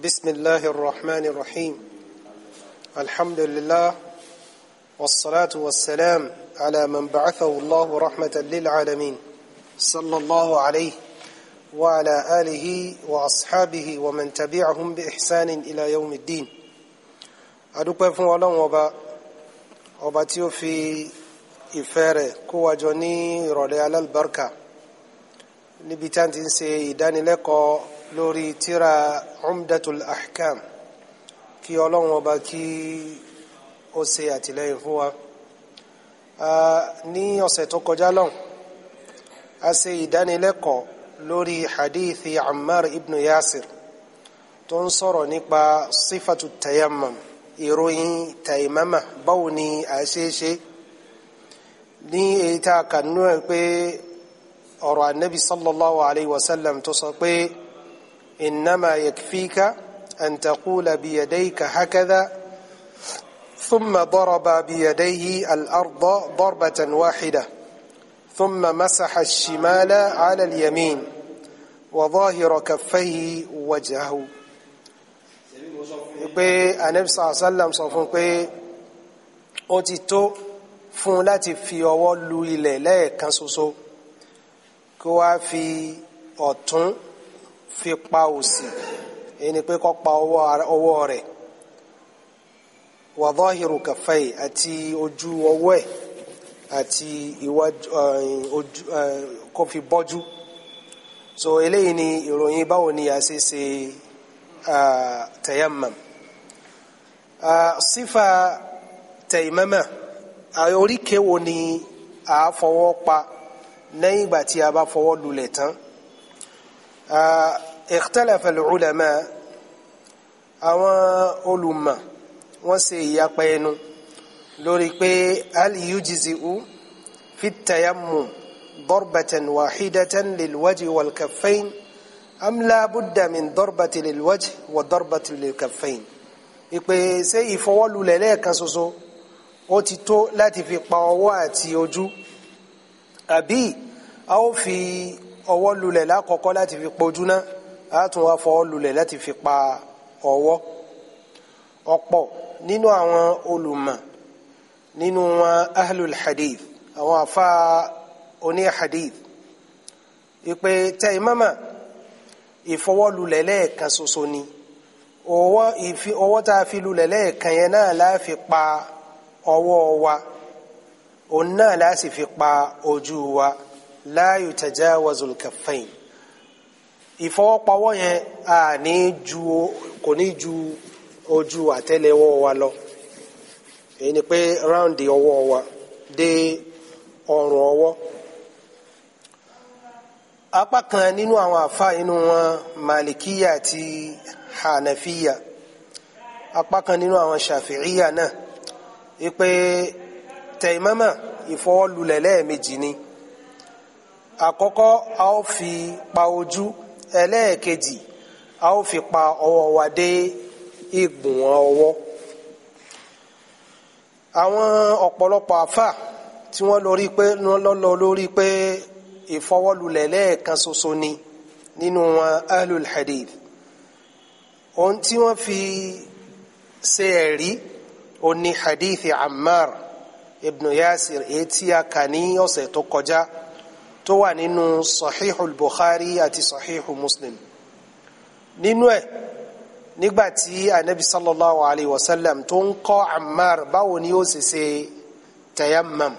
بسم الله الرحمن الرحيم الحمد لله والصلاة والسلام على من بعثه الله رحمة للعالمين صلى الله عليه وعلى آله وأصحابه ومن تبعهم بإحسان إلى يوم الدين بفن فوالله وبا وباتيو في ìfẹ́rẹ̀ kó wájọ ní ìrọ̀lẹ́ alálùbáríkà níbi tí a ti lórí tíra umdatul ahkam kí ọlọ́run ọba kí ó ṣe àtìlẹ́yìn fún wa ní ọ̀sẹ̀ tó kọjá lọ́hùn a ṣe ìdánilẹ́kọ̀ọ́ lórí hadithi ammar ibn yasir tó ń sọ̀rọ̀ nípa sífàtú tayammam ìròyìn taimama báwo ni a ṣe ní èyí tá a kà ẹ pé ọ̀rọ̀ anabi sallallahu alayhi wa sallam tó sọ pé. إنما يكفيك أن تقول بيديك هكذا ثم ضرب بيديه الأرض ضربة واحدة ثم مسح الشمال على اليمين وظاهر كفيه وجهه pé anabisa asalam sọ fún pé ó ti tó fún láti fi ọwọ́ lu ilẹ̀ lẹ́ẹ̀kan ṣoṣo kí wá fi ọ̀tún fi pa òsì ẹni pé kó pa ọwọ́ rẹ̀ wa dhahiru kaffai àti ojú ọwọ́ ẹ̀ àti iwájú ojú fi bọ́jú so eléyìí ni ìròyìn báwo ni a ṣe ṣe tayammam sífà tayammama oríkèwo ni a fọwọ́ pa lẹ́yìn ìgbà tí a bá fọwọ́ lulẹ̀ tán اختلف العلماء àwọn olùmọ̀ wọ́n ṣe ìyapa ẹnu lórí pé hal yujzi'u fi tayammum ضربة واحدة للوجه والكفين أم لا بد من ضربة للوجه وضربة للكفين ìpè ṣé ìfọwọ́lulẹ̀ lẹ́ẹ̀kan ṣoṣo ó ti tó láti fi pa ọwọ́ àti ojú àbí a ó fi ọwọ́ lulẹ̀ lákọ̀ọ́kọ́ láti fi pojú ná a tún wá fọwọ́ lulẹ̀ láti fi pa ọwọ́ ọ̀pọ̀ nínú àwọn olùmọ̀ nínú wọn ahlul hadith àwọn afa oní hadith ìpè tẹ ìmọ̀mọ̀ ìfọwọ́lulẹ̀ lẹ́ẹ̀kan ṣoṣo ni ọwọ́ tá a fi lulẹ̀ lẹ́ẹ̀kan yẹn náà la fi pa ọwọ́ wa òun náà la sì fi pa ojú wa la yutajawazu al-kaffayn ìfọwọ́pawọ́ yẹn a ní ju kò ní ju ojú àtẹ́lẹwọ́ wa lọ èyí ni pé ráùndì ọwọ́ wa dé ọrùn ọwọ́ apá kan nínú àwọn àfa inú wọn malikiya àti hanafiya apá kan nínú àwọn shafi'iya náà wípé tẹ̀yìmọ́mọ́ ìfọwọ́lulẹ̀ lẹ́ẹ̀mejì ni àkọ́kọ́ a ó fi pa ojú ẹlẹ́ẹ̀kejì a ó fi pa ọwọ́ wa dé igun ọwọ́ àwọn ọ̀pọ̀lọpọ̀ àfà tí wọ́n lórí lórí pé ìfọwọ́lulẹ̀ lẹ́ẹ̀kan ṣoṣo ni nínú wọn ahlul hadith ohun tí wọ́n fi ṣe ẹ̀rí òní hadith ammar ibn yasir èyí tí a kà ní ọ̀sẹ̀ tó kọjá tó wà nínú sahihul bukhari àti sahihul muslim nínú ẹ̀ nígbàtí anabi sallallahu alayhi wa sallam tó ń kọ́ ammar báwo ni ó ṣe ṣe tayammam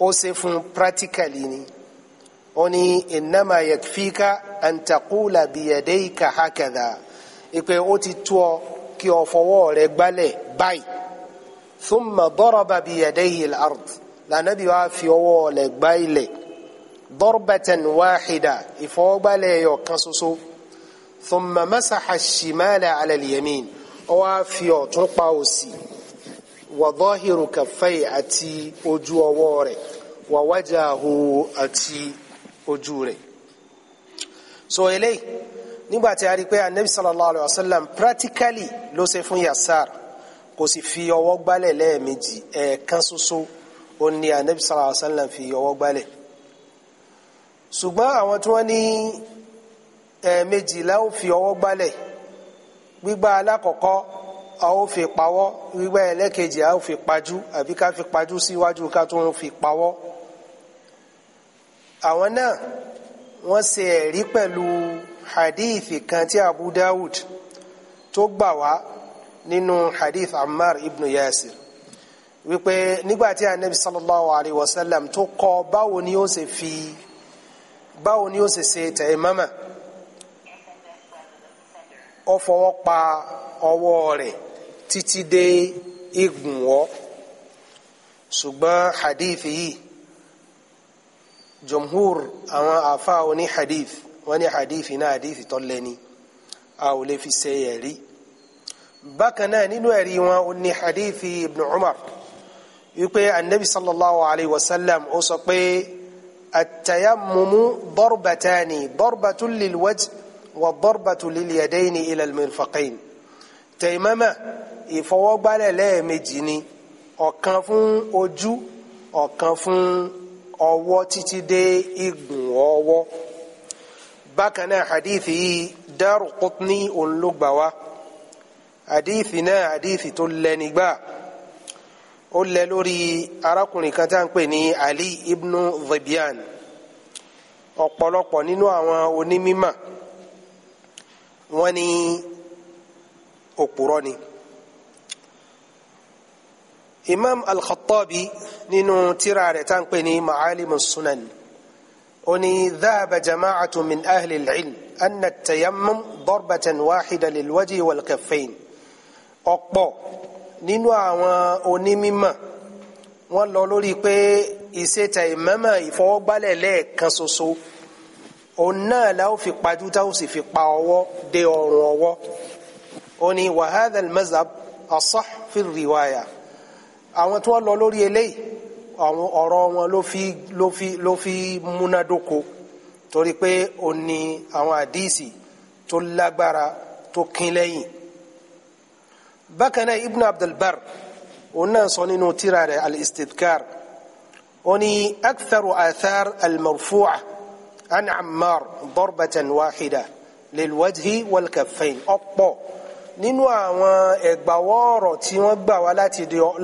ó ṣe fún practically ni ó ní innama yakfika an taqula biyadayka hakadha ìpè ó ti tó ọ kí o fọwọ́ rẹ gbálẹ̀ báyìí thumma daraba biyadayhi lànàbí wàá fi ọwọ́ rẹ gbá ضربة واحدة إفوبا ليو كنسوسو ثم مسح الشمال على اليمين وافيو تنقاوسي وظاهر كفي أتي أجو ووري ووجهه أتي أجوري so eléyìí nígbàtí a rí pé anabi sallallahu alayhi wa sallam practically ló ṣe fún yasar kò sì fi ọwọ́ gbálẹ̀ lẹ́ẹ̀mejì ẹ̀ẹ̀kan ṣoṣo ó ní anabi sallallahu alayhi wa sallam fi ọwọ́ gbálẹ̀ ṣùgbọ́n àwọn tí wọ́n ní ẹ̀ẹ̀mejìlá ó fi ọwọ́ gbálẹ̀ gbígbá alákọ̀ọ́kọ́ a ó fi pawọ́ gbígbá ẹlẹ́kejì a ó fi pajú àbí ká fi pajú síwájú ká tó fi pawọ́ àwọn náà wọ́n ṣe ẹ̀rí pẹ̀lú hadithi kan tí Abu Dawud tó gbà wá nínú hadith Ammar ibn Yasir wípé nígbàtí anabi sallallahu alayhi wa sallam tó kọ́ báwo ni ó ṣe fi báwo ni ó ṣe ṣe tẹ̀yẹ̀mọ́mà ó fọwọ́ pa ọwọ́ rẹ̀ títí dé igunwọ́ ṣùgbọ́n hadith yìí jumhur àwọn àfa oní hadith wọ́n ní hadith iná hadith tó lẹ́ni a ò lè fi ṣe ẹ̀rí bákan náà nínú ẹ̀rí wọn ó ní hadith ibn umar wípé anabi sallallahu alayhi wa sallam ó sọ pé. التيمم ضربتان ضربة للوجه وضربة لليدين إلى المرفقين تيمم ìfọwọ́gbálẹ̀ lẹ́ẹ̀mejì ni ọ̀kan fún ojú ọ̀kan fún ọwọ́ títí dé igun ọwọ́ bákan náà hadithi yìí Daraqutni òun ló gbà wá hadithi náà hadithi tó lẹ́nigbà ó lẹ lórí arákùnrin kan tá à ń pè ní Ali ibn Zibian ọ̀pọ̀lọpọ̀ nínú àwọn onímímọ̀ wọ́n ní òpùrọ́ ni Imam Al-Khattabi nínú tírà rẹ̀ tá à ń pè ní Ma'alim Sunan ó dhahaba jama'atu min ahli al anna tayammum darbatan wahida lil-wajhi ọ̀pọ̀ nínú àwọn onímímọ̀ wọ́n lọ lórí pé ìṣètà ìmọ̀mọ̀ ìfọwọ́gbálẹ̀ lẹ́ẹ̀kan ṣoṣo òun náà la ó fi pajú tá ó sì fi pa ọwọ́ dé ọrùn ọwọ́ ó ní wa hadha al-mazhab asah fi riwaya àwọn tí wọ́n lọ lórí eléyìí àwọn ọ̀rọ̀ wọn ló fi ló fi ló fi múnádóko torí pé ó ní àwọn àdíìsì tó lágbára tó kín lẹ́yìn bákan náà ibn abdulbar òun náà sọ nínú tírà rẹ̀ al-istidkar ó ní aktharu athar al-marfu'a an ammar darbatan wahida lilwajhi walkaffayn ọ̀pọ̀ nínú àwọn ẹ̀gbàwọ́ọ̀rọ̀ tí wọ́n gbà wá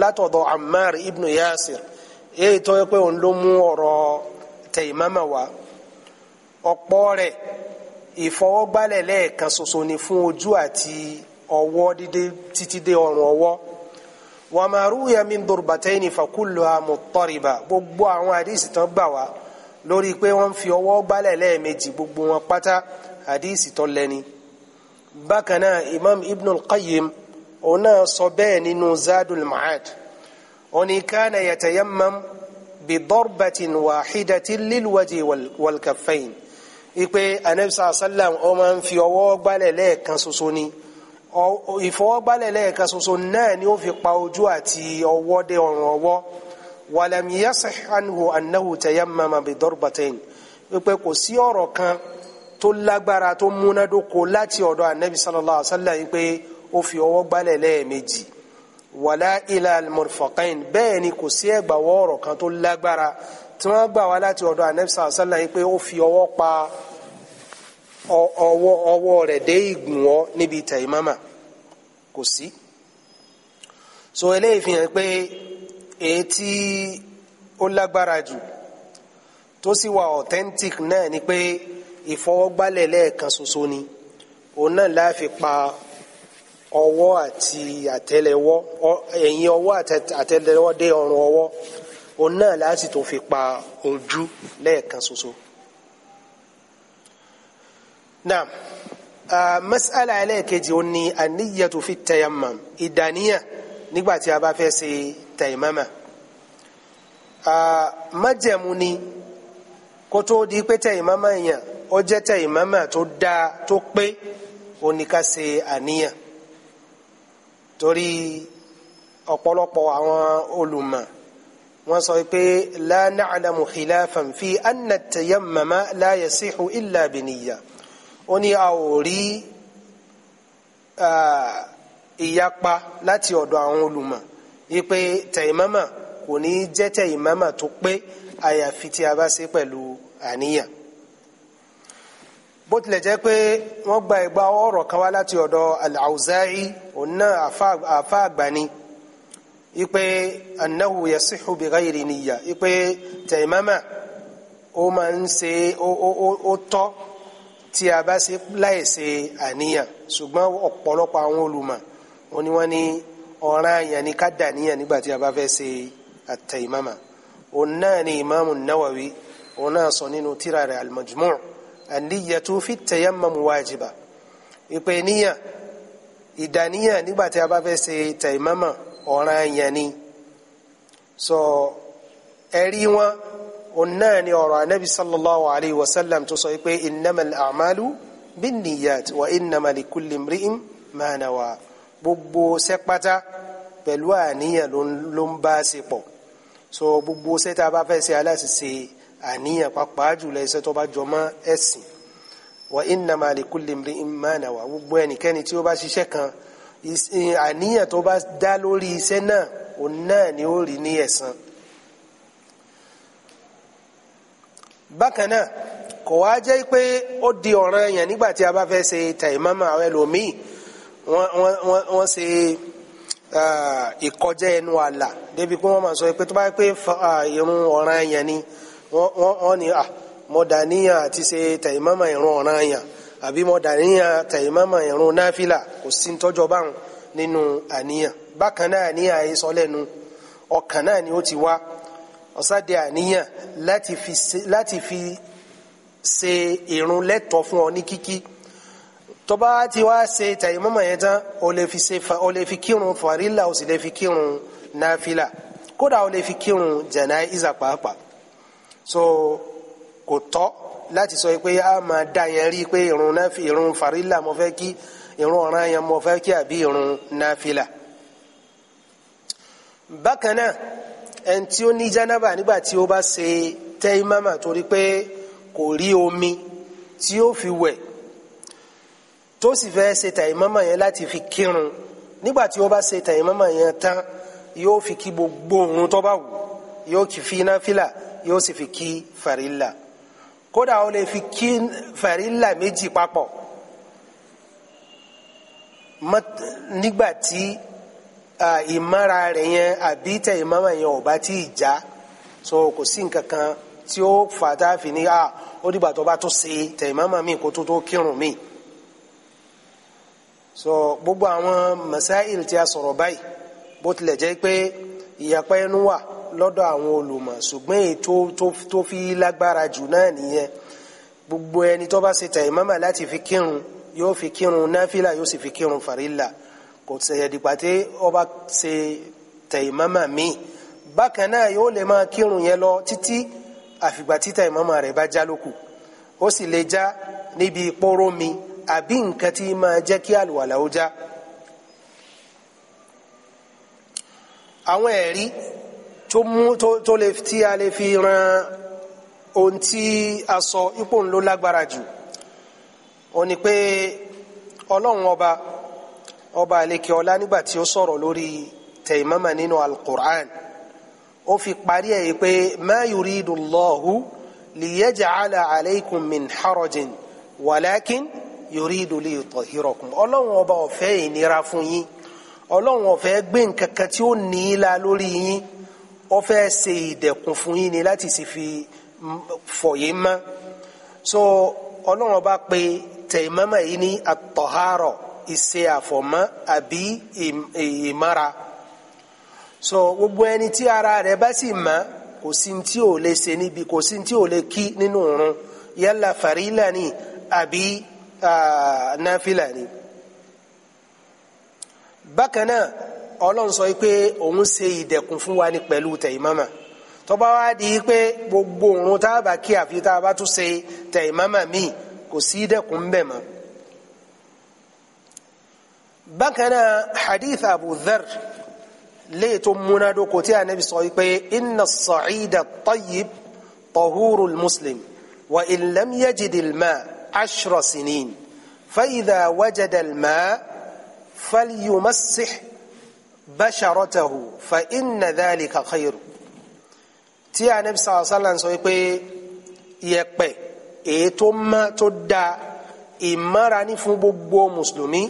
látọ̀dọ̀ ammar ibn yasir èyí tó yẹ pé òun ló mú ọ̀rọ̀ tẹ̀yìmámà wá ọ̀pọ̀ rẹ̀ ìfọwọ́gbálẹ̀ lẹ́ẹ̀kan ṣoṣo ni fún ojú àti ọwọ́ dídé títí dé ọrùn ọwọ́ wa ma ruya min durbataini fa kulluha muttariba gbogbo àwọn àdìsí tán gbà wá lórí pé wọ́n fi ọwọ́ gbálẹ̀ lẹ́ẹ̀mejì gbogbo wọn pátá àdìsí tán lẹ́ni bákan náà imam ibn al-qayyim òun náà sọ bẹ́ẹ̀ nínú zadul ma'ad òní kana yatayammam bi darbatin wahidatin lil wajhi wal ipe anabisa sallam ó fi ọwọ́ gbálẹ̀ lẹ́ẹ̀kan ṣoṣo ni ìfọwọ́gbálẹ̀ lẹ́ẹ̀kan ṣoṣo náà ni ó fi pa ojú àti ọwọ́ dé ọrùn ọwọ́ walam yasih anhu annahu tayammama bi darbatain wípé kò sí ọ̀rọ̀ kan tó lágbára tó múnádóko láti ọ̀dọ̀ anabi sallallahu alaihi wa sallam pé ó fi ọwọ́ gbálẹ̀ lẹ́ẹ̀mejì wàlá ilà almurfaqain bẹ́ẹ̀ ni kò sí ẹgbàwọ́ ọ̀rọ̀ kan tó lágbára tí wọ́n gbà wá láti ọ̀dọ̀ anabi sallallahu alaihi wa rẹ̀ dé ìgbùnwọ́ níbi taimama kò sí so eléyìí fi hàn pé èyí tí ó lágbára jù tó sì wà authentic náà ni pé ìfọwọ́gbálẹ̀ lẹ́ẹ̀kan ṣoṣo ni òun náà la fi pa ọwọ́ àti àtẹ́lẹwọ́ ẹ̀yìn ọwọ́ àti àtẹ́lẹwọ́ dé ọrùn ọwọ́ òun náà la sì tó fi pa ojú lẹ́ẹ̀kan ṣoṣo. náà Ah, mas'ala ẹlẹ́ẹ̀kejì ó ní aniyatu fi tayammum ìdàníyà nígbà tí a bá fẹ́ ṣe tayammama ah, májẹ̀mú ni kó tó di pé tayammama yẹn ó jẹ́ tayammama tó dáa tó pé ó ní ká ṣe àníyàn torí ọ̀pọ̀lọpọ̀ àwọn olùmọ̀ wọ́n sọ pé la na'lamu khilafan fi anna tayammama la yasihu illa ó ní a ò rí eh, ìyapa láti ọ̀dọ̀ àwọn olùmọ̀ wípé tẹ̀yìmọ́mọ̀ kò ní jẹ́ tẹ̀yìmọ́mọ̀ tó pé àyàfi tí a bá ṣe pẹ̀lú àníyàn bó tilẹ̀ jẹ́ pé wọ́n gba ìgbà ọ̀rọ̀ kan wá láti ọ̀dọ̀ al-Awza'i òun náà àfa àgbà ni ipe annahu yasihu bi ghayri niyya ipe tẹ̀yìmọ́mọ̀ ó máa ń ṣe ó tọ́ tí a bá ṣe láì ṣe àníyàn ṣùgbọ́n ọ̀pọ̀lọpọ̀ àwọn olùmọ̀ wọn ni wọ́n ní ọ̀ranyàn ni ká dàníyàn nígbà tí a bá fẹ́ ṣe àtẹ̀yìmọ́mà òun náà ni ìmáàmù náwàwí òun náà sọ nínú tírà rẹ̀ al-Majmu' an-niyyatu fi at-tayammum wajiba ìpè níyàn ìdàníyàn nígbà tí a bá fẹ́ ṣe tẹ̀yìmọ́mà ọ̀ranyàn ni sọ ẹ̀rí wọn náà ni ọ̀rọ̀ anabi sallallahu alayhi wa sallam tó sọ pé innamal a'malu binniyat wa innama likulli imri'in ma nawa gbogbo sẹ́pátá pẹ̀lú àníyàn ló ń bá ṣe pọ̀ so gbogbo sẹ́ta bá fẹ́ ṣe aláṣìṣe àníyàn pàápàá jùlọ iṣẹ́ tó bá jọ mọ́ ẹ̀sìn wa innama likulli imri'in ma nawa gbogbo ẹnikẹ́ni tí ó bá ṣiṣẹ́ kan àníyàn tó bá dá lórí iṣẹ́ náà òun ni ó rí ní ẹ̀san bákan náà kò wá jẹ́ pé ó di ọ̀ràn yẹn nígbà tí a bá fẹ́ ṣe tàìmọ́mọ́ àwọn ẹlòmíì wọ́n ṣe ìkọjẹ́ ẹnu àlà débi pé wọ́n máa sọ pé irun ọ̀ràn ni wọ́n ní mo dà àti ṣe tàìmọ́mọ́ irun ọ̀ràn yẹn àbí mo tàìmọ́mọ́ irun náfìlà kò sí tọ́jọ́ báwọn nínú àníyàn bákan náà lẹ́nu ọkàn ni ó ti wá. ọ̀sáde àníyàn láti fi ṣe irun lẹ́tọ̀ fún ọ ní kíkí tó bá ti wá ṣe tàyímọ́mọ́ yẹn tán o lè fi kírun fàrílà o sì lè fi kírun náfìlà kódà o lè fi kírun jánásà pàápàá so kò tọ́ láti sọ pé a máa dá yẹn rí pé irun náfì irun fàrílà mo fẹ́ kí irun ọ̀ràn yẹn mo fẹ́ kí àbí irun náfìlà bákan náà ẹni tí ó ní jánábà nígbà tí ó bá ṣe tẹ́ímàmà torí pé kò rí omi tí ó fi wẹ̀ tó sì fẹ́ ṣe tẹ̀yìmọ́mọ́ yẹn láti fi kírun nígbà tí ó bá ṣe tẹ̀yìmọ́mọ́ yẹn tán yóò fi kí gbogbo òun tó bá wù yóò kí fi náfìlà yóò sì fi kí fàrílà kódà ó lè fi kí fàrílà méjì papọ̀ nígbà tí ìmára rẹ̀ yẹn àbí tẹ ìmáma yẹn ò bá tí ì já so kò sí nǹkan kan tí ó fà tá a fi ní a ó dìgbà tó bá tó ṣe tẹ ìmáma mi kó tó tó kírun mi so gbogbo àwọn masáìl tí a sọ̀rọ̀ báyìí bó tilẹ̀ jẹ́ pé ìyapa ẹnu wà lọ́dọ̀ àwọn olùmọ̀ ṣùgbọ́n èyí tó fi lágbára jù náà nìyẹn gbogbo ẹni tó bá ṣe tẹ ìmáma láti fi kírun yóò fi kírun náfìlà yóò sì fi kírun fàrílà kò sẹ̀yẹ̀dìgbà tí ọba ṣe tẹ̀yìmọ́mà míì bákan náà yóò lè máa kírun yẹn lọ títí àfìgbà tí tẹ̀yìmọ́mà rẹ̀ bá já lókù ó sì lè já níbi póró mi àbí nǹkan tí máa jẹ́ kí àlùwàlà ó já. àwọn ẹ̀rí tó mú tó lè tí a lè fi ran ohun tí a sọ ipò ńlọ lágbára jù ó ní pé ọlọ́run ọba ọba àlekè ọlá nígbà tí ó sọ̀rọ̀ lórí tẹ̀yìmọ́mà nínú al-Qur'an ó fi parí ẹ̀ pé ma yuridu Allahu liyaj'ala alaykum min harajin walakin yuridu liyutahhirakum ọlọ́run ọba ò fẹ́ ìnira fún yín ọlọ́run ò fẹ́ gbé nǹkan tí ó ní í la lórí yín ó ṣe ìdẹ̀kùn fún yín ni láti sì fi mm, fọ̀yín mọ́ so ọlọ́run ọba pé tẹ̀yìmọ́mà yìí ní at ìṣe àfọ̀mọ́ àbí ìmára so gbogbo ẹni tí ara rẹ̀ bá sì mọ́ kò sí tí ò lè ṣe níbi kò sí tí ò lè kí nínú òrun yálà fàrílà ni àbí náfìlà ni bákan náà ọlọ́run sọ pé òun ṣe ìdẹ̀kùn fún wa ní pẹ̀lú tẹ̀yìmọ́mà tó bá di pé gbogbo òrun tá a bá kí àfi tá a bá tún ṣe tẹ̀yìmọ́mà míì kò sí ìdẹ̀kùn bẹ̀ mọ́. بكنا حديث أبو ذر ليت منادوكو تي النبي صلى الله عليه وسلم إن الصعيد الطيب طهور المسلم وإن لم يجد الماء عشر سنين فإذا وجد الماء فليمسح بشرته فإن ذلك خير tí a Ànábì sallallahu alaihi wasallam sọ pé yẹ̀pẹ̀ èyí tó mọ́ tó dáa ìmọ́ra ní fún gbogbo mùsùlùmí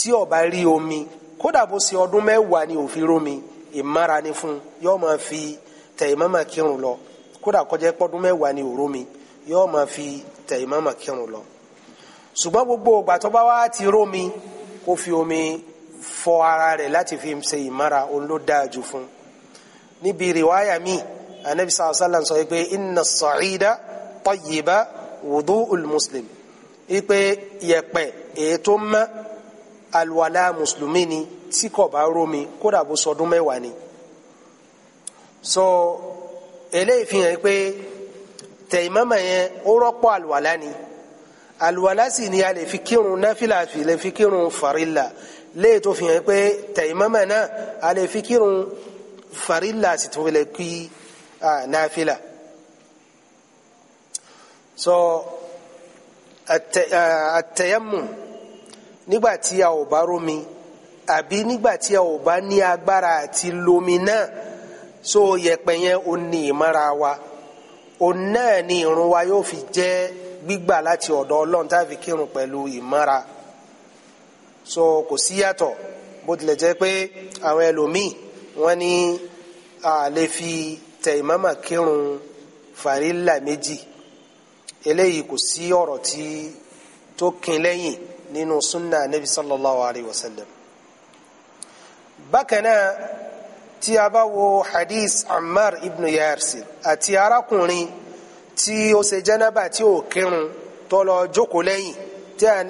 tí ó bá rí omi kódà bó ṣe ọdún mẹ́wàá ni òfin rómi ìmára ni fún yóò máa fi tẹ̀yìmọ́mọ́ kírun lọ kódà kọjá pọ́dún mẹ́wàá ni òrómi yóò máa fi tẹ̀yìmọ́mọ́ kírun lọ ṣùgbọ́n gbogbo ìgbà tó bá wá ti rómi kó fi omi fọ ara rẹ̀ láti fi ṣe ìmára òun fún níbi rìwáyà míì anabi sàlá sàlá sọ pé inna sa'ida tayyiba wudu'ul muslim ipe yẹ̀pẹ̀ èyí tó mọ́ Alwala mùsùlùmí ni tí kò bá rómi kódà bó sọdún mẹ́wàá ni so eléyìí fi hàn pé tẹ̀yìmọ́mọ́ yẹn ó rọ́pò alùwàlá ni alùwàlá sì ni a lè fi kírun náfìlà fi lè fi kírun farilla léyìí tó fi hàn pé tẹ̀yìmọ́mọ́ náà a lè fi kírun farilla sì tún lè kí náfìlà so at-tayammum. at tayammum nígbà tí a ò bá rómi àbí nígbà a ò bá ní agbára àti lomi náà so yẹ̀pẹ̀ yẹn ò ní ìmọ́ra wa òun náà ni irun wa yóò fi jẹ́ gbígbà láti ọ̀dọ̀ ọlọ́run tá kírun pẹ̀lú ìmọ́ra so kò sí yàtọ̀ bó tilẹ̀ jẹ́ pé àwọn ẹlòmíì wọ́n ní a lè fi tẹ ìmọ́mà kírun fàrílà méjì eléyìí kò sí ọ̀rọ̀ tí tó kin lẹ́yìn nínú sunna nabi sallallahu alayhi wa sallam bákan náà tí a bá wo hadith ammar ibn yarsir àti arákùnrin tí ó ṣe jẹ́nàbà tí ó kírun tó lọ jókòó lẹ́yìn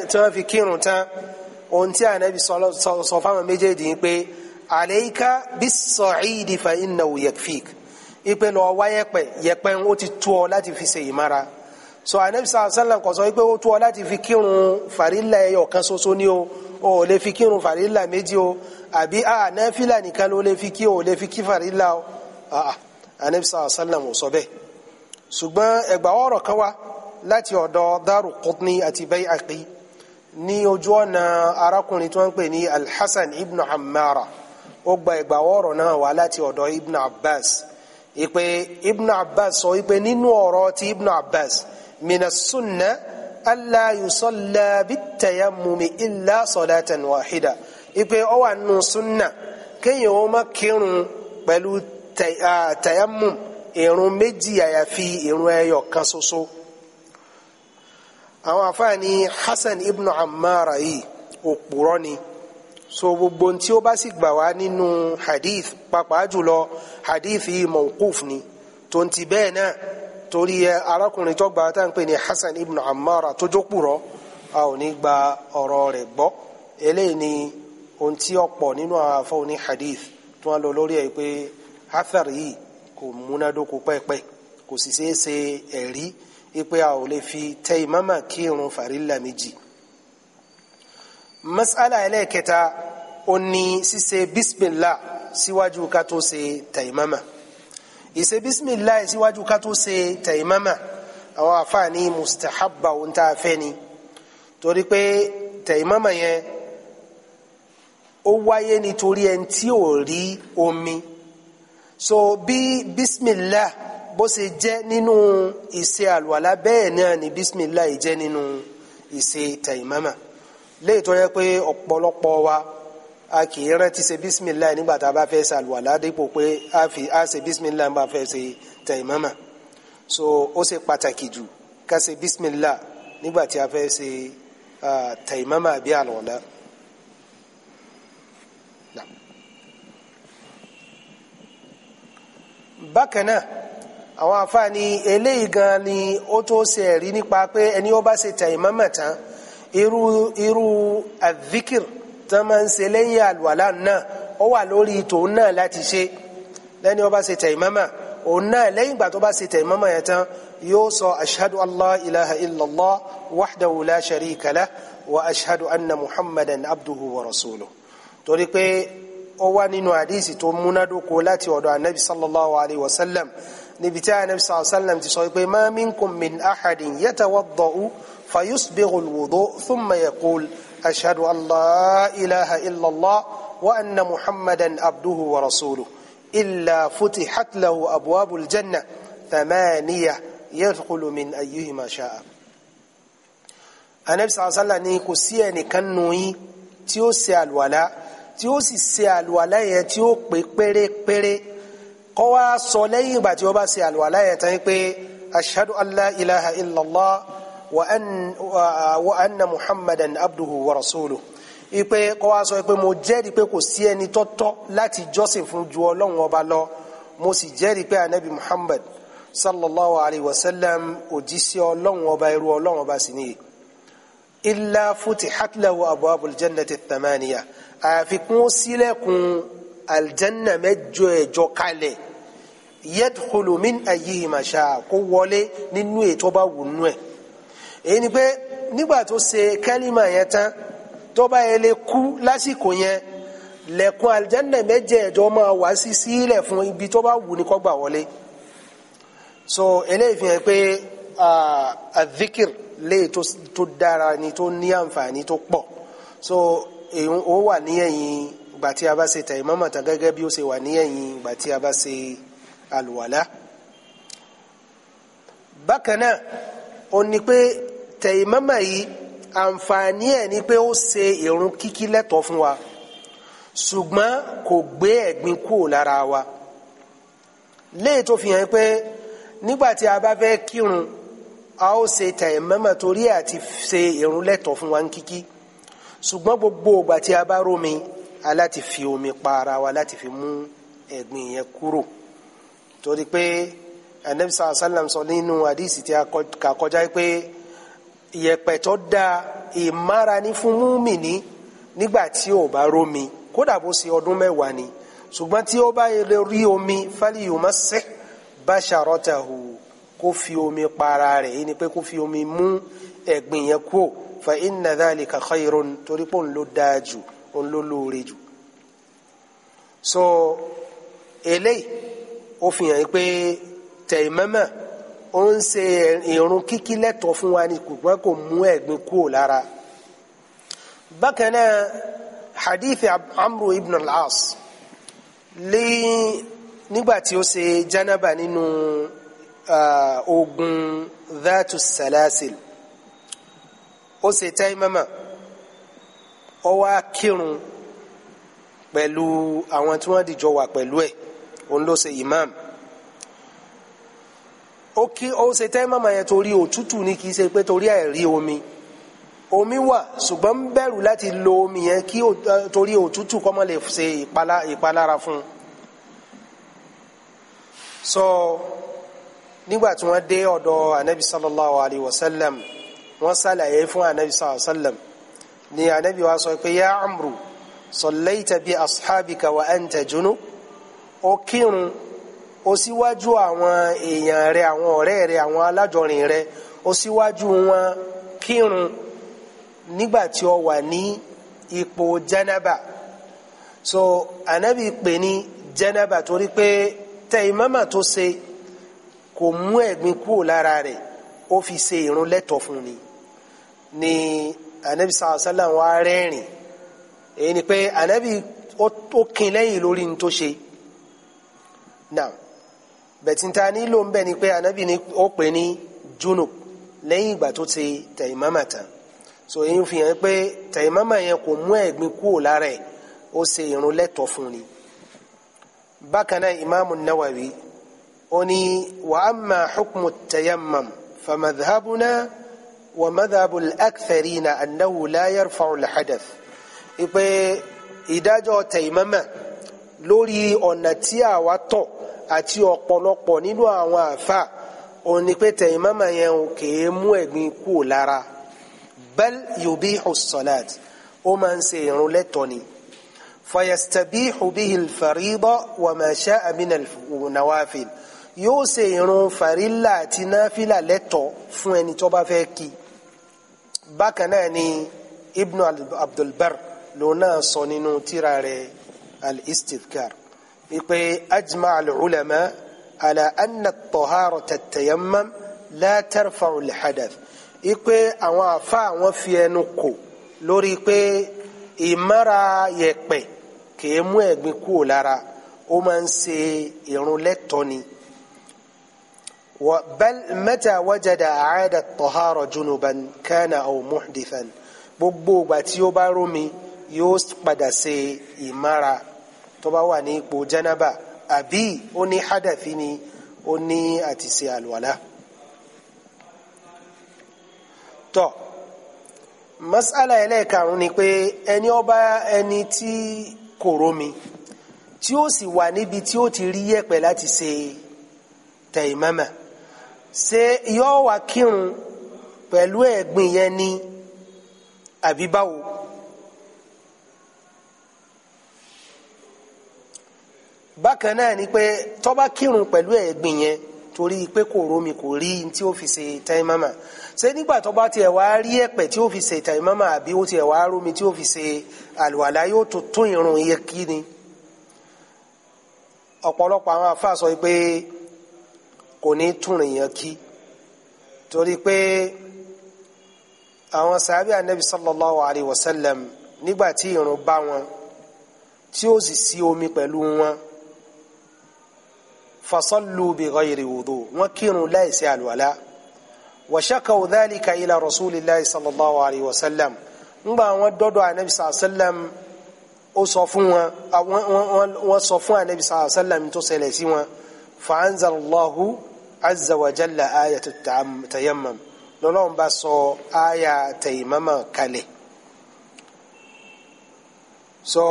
tí wọ́n fi kírun tán ohun tí ànábi sọ fáwọn méjèèjì ń pé àlẹ́yíká bis-sa'idi fa innahu yakfik ipe lọ wá yẹ̀pẹ̀ yẹ̀pẹ̀ ó ti tó ọ láti fi ṣe ìmára so anabi sallam kò sọ wípé ó tó ọ láti fi kírun fàrílà ẹyọ kan ṣoṣo ni o ò lè fi kírun fàrílà méjì o àbí a nìkan ló lè fi kí o lè fi kí fàrílà o anabi sallam ò sọ bẹ́ẹ̀ ṣùgbọ́n ẹgbà ọ̀rọ̀ kan wá láti ọ̀dọ̀ daru qutni àti bayhaqi ní ojú ọ̀nà arákùnrin tí wọ́n ń pè ní alhassan ibn ammara ó gba ẹgbà ọ̀rọ̀ náà wá láti ọ̀dọ̀ ibn abbas ìpè ibn abbas sọ ìpè nínú ọ̀rọ̀ ti ibn abbas. من السنة ألا يصلى بالتيمم إلا صلاة واحدة ipe ọ wà nù كي kéèyàn ó má تيمم pẹ̀lú tayammum irun méjì àyàfi irun ẹyọ kan ṣoṣo àwọn àfáàní Hasan ibn Ammara yìí òpùrọ́ ni so gbogbo tí ó bá sì gbà wá nínú hadith pàápàá jùlọ hadith yìí mọ̀nkúf ni tó ń ti bẹ́ẹ̀ náà torí arákùnrin tó gba tá à ń pè ní Hasan ibn Ammara tó jókùrọ a ò ní gba ọ̀rọ̀ rẹ̀ gbọ́ eléyìí ni ohun tí ọ̀pọ̀ nínú àfọ ní hadith tí wọ́n lọ lórí ẹ̀ pé hathar yìí kò múnádóko pẹ́ẹ́pẹ́ kò sì ṣeé ṣe ẹ̀rí ipe a ò lè fi tẹ ìmáàmà kí fàrílà méjì. mas'ala ẹlẹ́ẹ̀kẹta ó ní ṣíṣe bismillah síwájú ká tó ṣe tẹ ìmáàmà ìṣe bisimilayi síwájú ká tó ṣe tẹ̀yìmọ́mà àwọn àfààní mustahabba ohun tá a fẹ́ ni torí pé tẹ̀yìmọ́mà yẹn ó wáyé nítorí ẹni tí ò rí omi so bí bisimilayi bó ṣe jẹ́ nínú ìṣe àlùwàlá bẹ́ẹ̀ náà ni bisimilayi jẹ́ nínú ìṣe tẹ̀yìmọ́mà léètọ́ yẹ pé ọ̀pọ̀lọpọ̀ wa a kì í rántí ṣe bisimilayi nígbà tá a bá fẹ́ ṣàlùwàlá dípò pé a fi a ṣe bisimilayi bá fẹ́ ṣe taimama so ó ṣe pàtàkì jù ká ṣe bisimilayi nígbà tí a fẹ́ ṣe taimama àbí àlùwàlá. bákan náà àwọn àfáàní eléyìí gan ni ó tó ṣe ẹ̀rí nípa pé ẹni ó bá ṣe taimama tán irú irú àdìkìrì tán máa ń ṣe lẹ́yìn àlùwàlá náà ó wà lórí tòun náà láti ṣe lẹ́ni ó bá ṣe taimama òun náà lẹ́yìn ìgbà tó bá ṣe taimama yẹn tán yóò sọ ashadu allah ilaha illallah wahdahu la sharika wa ashadu anna muhammadan abduhu wa rasuluhu torí pé ó wá nínú àdísì tó múnádóko láti ọ̀dọ̀ anabi sallallahu alayhi wa sallam níbi tí anabi sallallahu alayhi wa sallam ti sọ pé ma أشهد أن لا إله إلا الله وأن محمدا عبده ورسوله إلا فتحت له أبواب الجنة ثمانية يدخل من أيهما شاء anabi sàlá sàlá ni kò sí ẹnìkan nù yín tí ó ṣe àlùwàlá tí ó sì ṣe àlùwàlá yẹn tí ó pé pérépéré kó wá sọ lẹ́yìn ìgbà tí ó bá ṣe àlùwàlá yẹn tán pé ashadu an la ilaha illallah وأن, وأن محمدا عبده ورسوله ipe kọ́ wa sọ pé mo jẹ́rìí pé kò sí ẹni tọ́tọ́ láti jọ́sìn fún ju ọlọ́run ọba lọ mo sì jẹ́rìí pé anabi muhammad sallallahu alayhi wa sallam òjíṣẹ́ ọlọ́run ọba irú ọlọ́run ọba sì nìyí. illa futihat lahu abwabul jannati thamaniya àfikún sílẹ̀kùn aljanna mẹ́jọ ẹ̀jọ kalẹ̀ yadkhulu min ayyihima sha kó wọlé nínú ètò bá wù nú ẹ̀ èyí ni pé nígbà tó ṣe kẹ́límà yẹn tán tó bá yẹ lè kú lásìkò yẹn lẹ̀kùn aljanna mẹ́jẹ̀ẹ̀jọ máa wá sí sílẹ̀ fún ibi tó bá wù ní kó gbà wọlé so eléyìí fi hàn pé àdìkìr lè tó dára ni tó ní àǹfààní tó pọ̀ so èyàn ó wà ní ẹ̀yìn ìgbà tí a bá ṣe tẹ̀yìmọ́mọ́ tán gẹ́gẹ́ bí ó ṣe wà ní ẹ̀yìn ìgbà tí a bá ṣe àlùwàlá bákan náà ó ní pé tẹ̀yìmọ́mà yìí àǹfààní ẹ̀ ni pé ó ṣe ìrun kíkí lẹ́tọ̀ọ́ fún wa ṣùgbọ́n kò gbé ẹ̀gbin kúrò lára wa léè tó fi hàn pé nígbà tí a bá fẹ́ kírun a ó ṣe tẹ̀yìmọ́mà torí àti ṣe ìrun lẹ́tọ̀ọ́ fún wa ní kíkí ṣùgbọ́n gbogbo ìgbà tí a bá rómi aláti fi omi pa ara wa láti fi mú ẹ̀gbin yẹn kúrò torí pé anabi sàlá sàlám sọ nínú àdìsí tí a kà kọjá pé ìyẹ̀pẹ̀ tó da ìmára ní fún múmìnì nígbà tí ò bá rómi kódà bó ṣe ọdún mẹ́wàá ni ṣùgbọ́n tí ó bá lè rí omi fálí yóò má sẹ́ basharatahu kó fi omi para rẹ̀ yìí ni pé kó fi omi mú ẹ̀gbìn yẹn kúò fa inna dhalika khayrun torí pé òun ló dáa jù òun ló lóore jù so eléyìí ó fi hàn pé tẹ̀yìmọ́mọ́ ó ń ṣe ìrun kíkí lẹ́tọ̀ọ́ fún wa ni ṣùgbọ́n kò mú ẹ̀gbin kúrò lára bákan náà hadith amru ibn al-as lé nígbà tí ó ṣe janaba nínú ogun dhatu salasil ó ṣe tẹ́yìmọ́mọ́ ó wá kírun pẹ̀lú àwọn tí wọ́n dìjọ wà pẹ̀lú ẹ̀ òun ló ṣe imam ó kí ó ṣe tẹ́mọ̀mà yẹn torí òtútù ni kì í ṣe pé torí àìrí omi omi wà ṣùgbọ́n bẹ̀rù láti lo omi yẹn kí eh, torí òtútù kó má lè ṣe ìpalára fún un so nígbà tí wọ́n dé ọ̀dọ̀ anabi sallallahu alayhi wa sallam wọ́n ṣàlàyé fún anabi sallallahu alayhi wa sallam ni anabi wa sọ pé ya amru sallaita bi ashabika wa anta junu, ó kírun o síwájú àwọn èèyàn rẹ àwọn ọ̀rẹ́ rẹ àwọn alájọrin rẹ o síwájú wọn kírun nígbà tí o wà ní ipò jẹnẹba so anabi pè ní jẹnẹba torí pé tẹ ìmọ̀mọ̀ tó ṣe kò mú ẹ̀gbin kúrò lára rẹ̀ ó fi ṣe ìrun lẹ́tọ̀ fún ni ni anabi sàlọ́sálà wa rẹ́rìn èyí ni pé anabi ó kin lẹ́yìn lórí ní tó ṣe now bẹ̀tí ta nílò ń bẹ̀ ni pé anabi ni ó pè ní junub lẹ́yìn ìgbà tó ti tẹ̀yìmọ́mà tán so èyí fi hàn pé tẹ̀yìmọ́mà yẹn kò mú ẹ̀gbin kúrò lára ẹ̀ ó ṣe ìrun lẹ́tọ̀ fún ni bákan náà imaamu nawawi ó ní wa amma hukmu tayammam famadhabuna wa madhabu al-aktharina annahu la yarfa'u al-hadath ipe ìdájọ́ tẹ̀yìmọ́mà lórí ọ̀nà tí àwa tọ̀ àti ọ̀pọ̀lọpọ̀ nínú àwọn àfà òun ni pé tẹ̀yìmọ́mà yẹn ò kèé mú ẹ̀gbin kú lára bal yubihu salat ó máa ń ṣe ìrun lẹ́tọ̀ ni fayastabihu bihi al-farida wa ma sha'a min al-nawafil yóò ṣe ìrun farila àti náfìlà lẹ́tọ̀ fún ẹni tó bá fẹ́ kí bákan náà ni ibnu abdulbar lòun náà sọ nínú tírà rẹ̀ al ipe ajma al-ulama ala anna at-taharata at-tayammum la tarfa'u al-hadath ipe àwọn àfa àwọn fi ẹnu kò lórí pé ìmára yẹ̀pẹ̀ kìí mú ẹ̀gbin kúrò lára ó máa ń ṣe ìrun lẹ́tọ́ ni wajada àádà at junuban kana aw muhdithan gbogbo ìgbà tí ó bá rómi yóò padà ṣe ìmára tó bá wà ní ipò janaba àbí ó ní hádàfí ni ó ní àti ṣe àlùwàlá tọ masala ẹlẹ́ẹ̀karùn ni pé ẹni ọba ẹni tí kò rómi tí ó sì wà níbi tí ó ti rí yẹ̀pẹ̀ láti ṣe tẹ̀yìmọ́mọ́ ṣe yọ́ wà kírun pẹ̀lú ẹ̀gbìn yẹn ni àbí bákan náà ni pé tó bá kírun pẹ̀lú ẹ̀gbìn yẹn torí pé kò rómi kò rí tí ó fi ṣe taimama ṣé nígbà tó bá tiẹ̀ wá rí ẹ̀pẹ̀ tí ó fi ṣe taimama àbí ó tiẹ̀ wá rómi tí ó fi ṣe àlùwàlá yóò tó tún irun yẹ kí ni ọ̀pọ̀lọpọ̀ àwọn àfáà sọ pé kò ní tún èèyàn kí torí pé àwọn sàábì anabi sallallahu alayhi nígbà tí irun bá wọn tí ó sì sí omi pẹ̀lú wọn fasallu bi ghayri wudu wọn kírun láìsí àlùwàlá wa shakaw dhalika ila rasulillahi sallallahu alayhi wa sallam ngba àwọn dọdọ anabi sallallahu alayhi wa sallam ó sọ fún wọn wọn sọ fún anabi sallallahu alayhi wa sallam tó ṣẹlẹ̀ sí wọn fa anzalallahu azza wa jalla ayatu tayammam sọ aya tayammama kalẹ̀ So,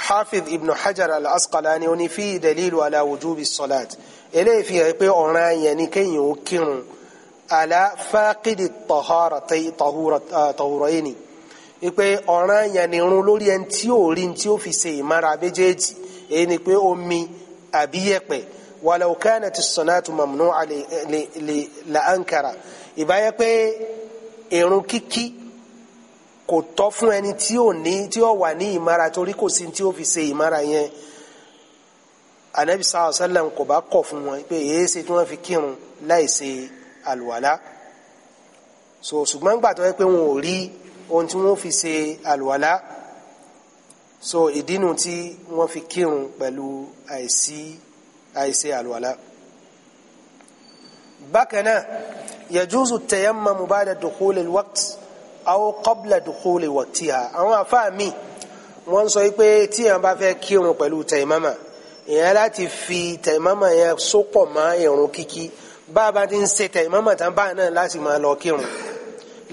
Hafiz ibn Hajar al-Asqalani ó ní fi dalilu ala wujubi salat eléyìí fi hàn pé ọ̀ràn yẹn ni kéèyàn ó kírun ala faqidi ah, tahurayni ipe ọ̀ràn yẹn ni irun lórí ẹni tí ó rí tí ó fi ṣe ìmára méjèèjì èyí ni pé omi àbí yẹ̀pẹ̀ walau kanat as-salatu mamnu'a li la ankara ìbáyẹ pé irun kíkí kò tọ́ fún ẹni tí ò ní tí ó wà ní ìmára torí kò sí tí ó fi ṣe ìmára yẹn anabi sallallahu alayhi wa sallam kò bá kọ̀ fún wọn pé èyí ṣe tí wọ́n fi kírun láì ṣe àlùwàlá so ṣùgbọ́n gbà tó yẹ pé wọn ò rí ohun tí wọ́n fi ṣe àlùwàlá so ìdínú tí wọ́n fi kírun pẹ̀lú àìsí àìṣe àlùwàlá bákan náà yajuzu tayammamu ba'da dukhul al-waqt àwọn qabla dukhuli waqtiha àwọn àfáà mi wọ́n sọ pé tí èèyàn bá fẹ́ kírun pẹ̀lú tẹ̀mọ́mà èèyàn láti fi tẹ̀mọ́mà yẹn sópọ̀ mọ́ ìrun kíkí bá a bá ti ń ṣe tẹ̀mọ́mà tán báyìí náà láti máa lọ kírun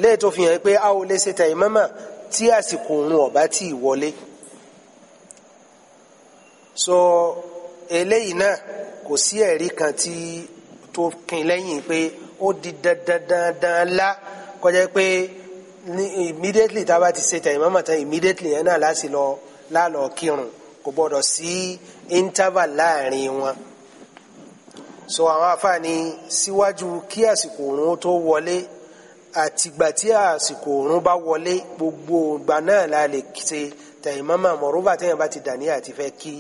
léè tó fi hàn pé a ò lè se tẹ̀mọ́mà tí àsìkò òun ọ̀bá tí ì wọlé so eléyìí náà kò sí ẹ̀rí kan tí tó kin lẹ́yìn pé ó di dandandandan lá kọjá pé immediately tá bá ti ṣe tẹ̀yìmọ́mọ́ tán immediately yẹn náà láti lọ lálọ́ kírun kò gbọ́dọ̀ sí interval láàrin wọn so àwọn afáàní síwájú kí àsìkò òrùn tó wọlé àtìgbà tí àsìkò òrùn bá wọlé gbogbo ìgbà náà la lè ṣe tẹ̀yìmọ́mọ́ mọ̀rúbà tẹ̀yìn bá ti dà ní àti fẹ́ kí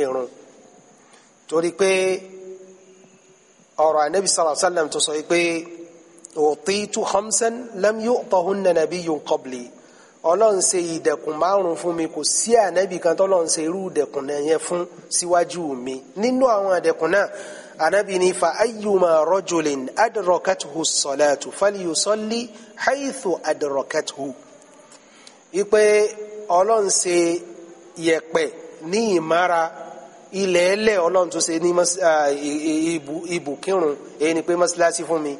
irun torí pé ọ̀rọ̀ ànábì sallallahu alaihi wasallam tó sọ pé òtítu hamsan lam yu'tahunna nabiyyun qabli ọlọ́run ṣe ìdẹ̀kùn márùn fún mi kò sí ànábì kan tọ́lọ́run ṣe irú ìdẹ̀kùn yẹn fún síwájú mi nínú àwọn ìdẹ̀kùn náà ànábì ní fa ayyuma rajulin adrakathu salatu falyusalli haythu adrakathu ipe ọlọ́run ṣe yẹ̀pẹ̀ ní ìmára ilẹ̀ ẹlẹ́ tó ṣe ní ibùkírun èyí ni pé mọ́síláṣí fún mi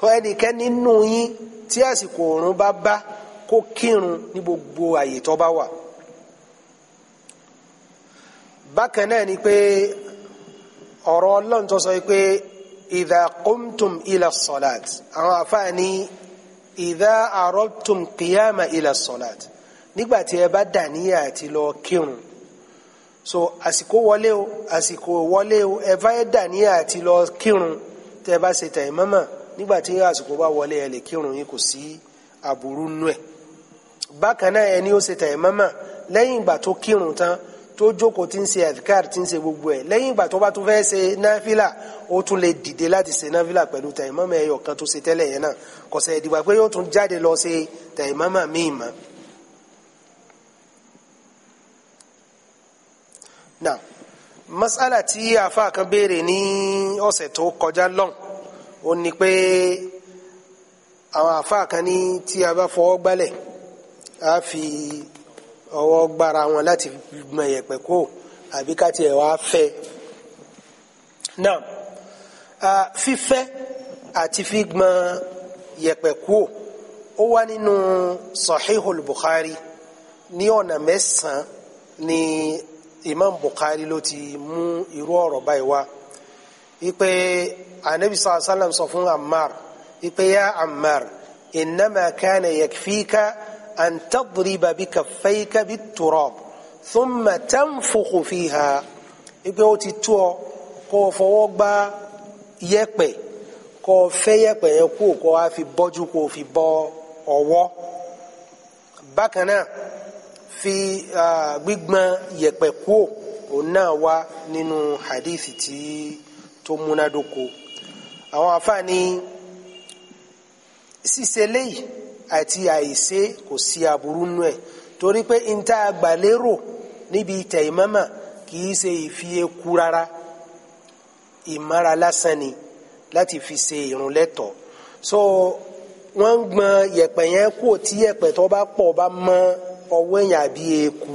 kọ ẹnìkan nínú yín tí àsìkò òrùn bá bá kó kírun ní gbogbo àyè tó bá wà bákan náà ni pé ọ̀rọ̀ ọlọ́run tó sọ pé idha qumtum ila salat àwọn àfáàní idha aradtum qiyama ila salat nígbàtí ẹ bá dà níyà àti lọ kírun so àsìkò wọlé o àsìkò wọlé o ẹ bá dà níyà àti lọ kírun tẹ bá ṣe tẹ̀ mọ́mọ́ nígbà tí àsìkò bá wọlé ẹ lè kírun yín kò sí aburú nú ẹ̀ bákan náà ẹni ó ṣe tàyẹ̀mọ́mọ́ lẹ́yìn ìgbà tó kírun tán tó jókòó tí ń ṣe adhkar tí ń ṣe gbogbo ẹ̀ lẹ́yìn ìgbà tó bá tún fẹ́ ṣe náfìlà ó tún lè dìde láti ṣe náfìlà pẹ̀lú tàyẹ̀mọ́mọ́ ẹyọ kan tó ṣe tẹ́lẹ̀ yẹn náà kò ṣe pé yóò mas'ala tí àfa kan béèrè ní ọ̀sẹ̀ tó ó ní pé àwọn àfáà kan ní tí a bá fọwọ́ gbálẹ̀ a fi ọwọ́ gbára wọn láti mọ ìyẹ̀pẹ̀ kó àbí ká tiẹ̀ wá fẹ́ náà fífẹ́ àti fígbọn ìyẹ̀pẹ̀ kó ó wá nínú Sahihul Bukhari ní ọ̀nà mẹ́sàn-án ni Imam Bukhari ló ti mú irú ọ̀rọ̀ báyìí wá wípé anabi sallallahu alayhi wa sallam sọ fún ammar ipe ya ammar innama kana yakfika an tadriba bi kaffayka bit turab thumma tanfukhu fiha ipe ó ti tó ọ kó o fọwọ́ gbá yẹ̀pẹ̀ kó o fẹ́ yẹ̀pẹ̀ yẹn kú kó o fi bọ́jú kó o fi bọ́ ọwọ́ bákan náà fi gbígbọn yẹ̀pẹ̀ kú òun náà wá nínú hadithi tí tó múnádóko. àwọn àfáàní ṣíṣe léyìí àti àìṣe kò sí aburú nú ẹ̀ torí pé n tá lérò níbi tẹ̀yìmọ́mà kì í ṣe ìfi rárá láti fi ṣe lẹ́tọ̀ so wọ́n ń gbọn yẹ̀pẹ̀ yẹn tí yẹ̀pẹ̀ tó bá pọ̀ bá ọwọ́ èèyàn àbí eku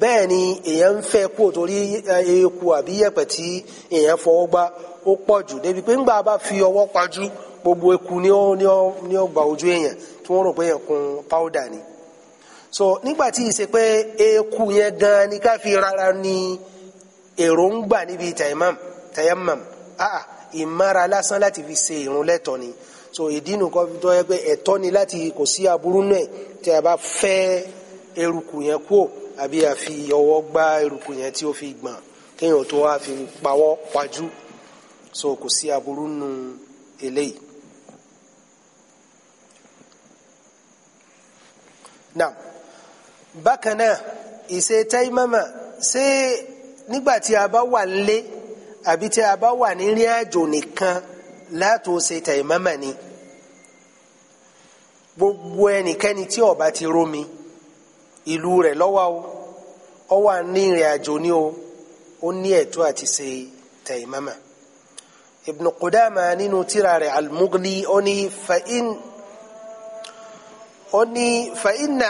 bẹ́ẹ̀ ni èèyàn torí eh, eku àbí yẹ̀pẹ̀ tí èèyàn fọwọ́ gbá ó pọ̀ jù débi pé ńgbà bá fi ọwọ́ pajú gbogbo eku ni ó ni ó gba ojú èèyàn tí wọ́n rò pé ẹ̀kún powder ni so nígbà tí ìṣe pé eku yẹn gan ni ká fi rárá ni èròǹgbà níbi tayammum tayammum ah ìmára lásán láti fi ṣe ìrun lẹ́tọ̀ ni so ìdínú kan fi tọ́ yẹ pé ẹ̀tọ́ ni láti kò sí aburú náà tí a bá fẹ́ eruku yẹn kúò àbí a fi ọwọ́ gbá eruku yẹn tí ó fi gbọ̀n kéèyàn tó wá fi pawọ́ pajú. Pa so kò sí aburú nù eléyìí. náà bákan náà ìṣe táìmọ́mọ́ ṣé nígbà tí a bá wà nílé àbí tí a bá wà ní rìn àjò nìkan látò ṣe táìmọ́mọ́ ni gbogbo ẹnikẹ́ni tí ó bá ti rómi ìlú rẹ̀ lọ́wọ́ o ó wà ní ìrìn àjò ni o ó ní ẹ̀tọ́ àti ṣe táìmọ́mọ́. Ibn Qudama nínú tírà rẹ̀ al-Mughni ó ní fa'in ó ní fa'inna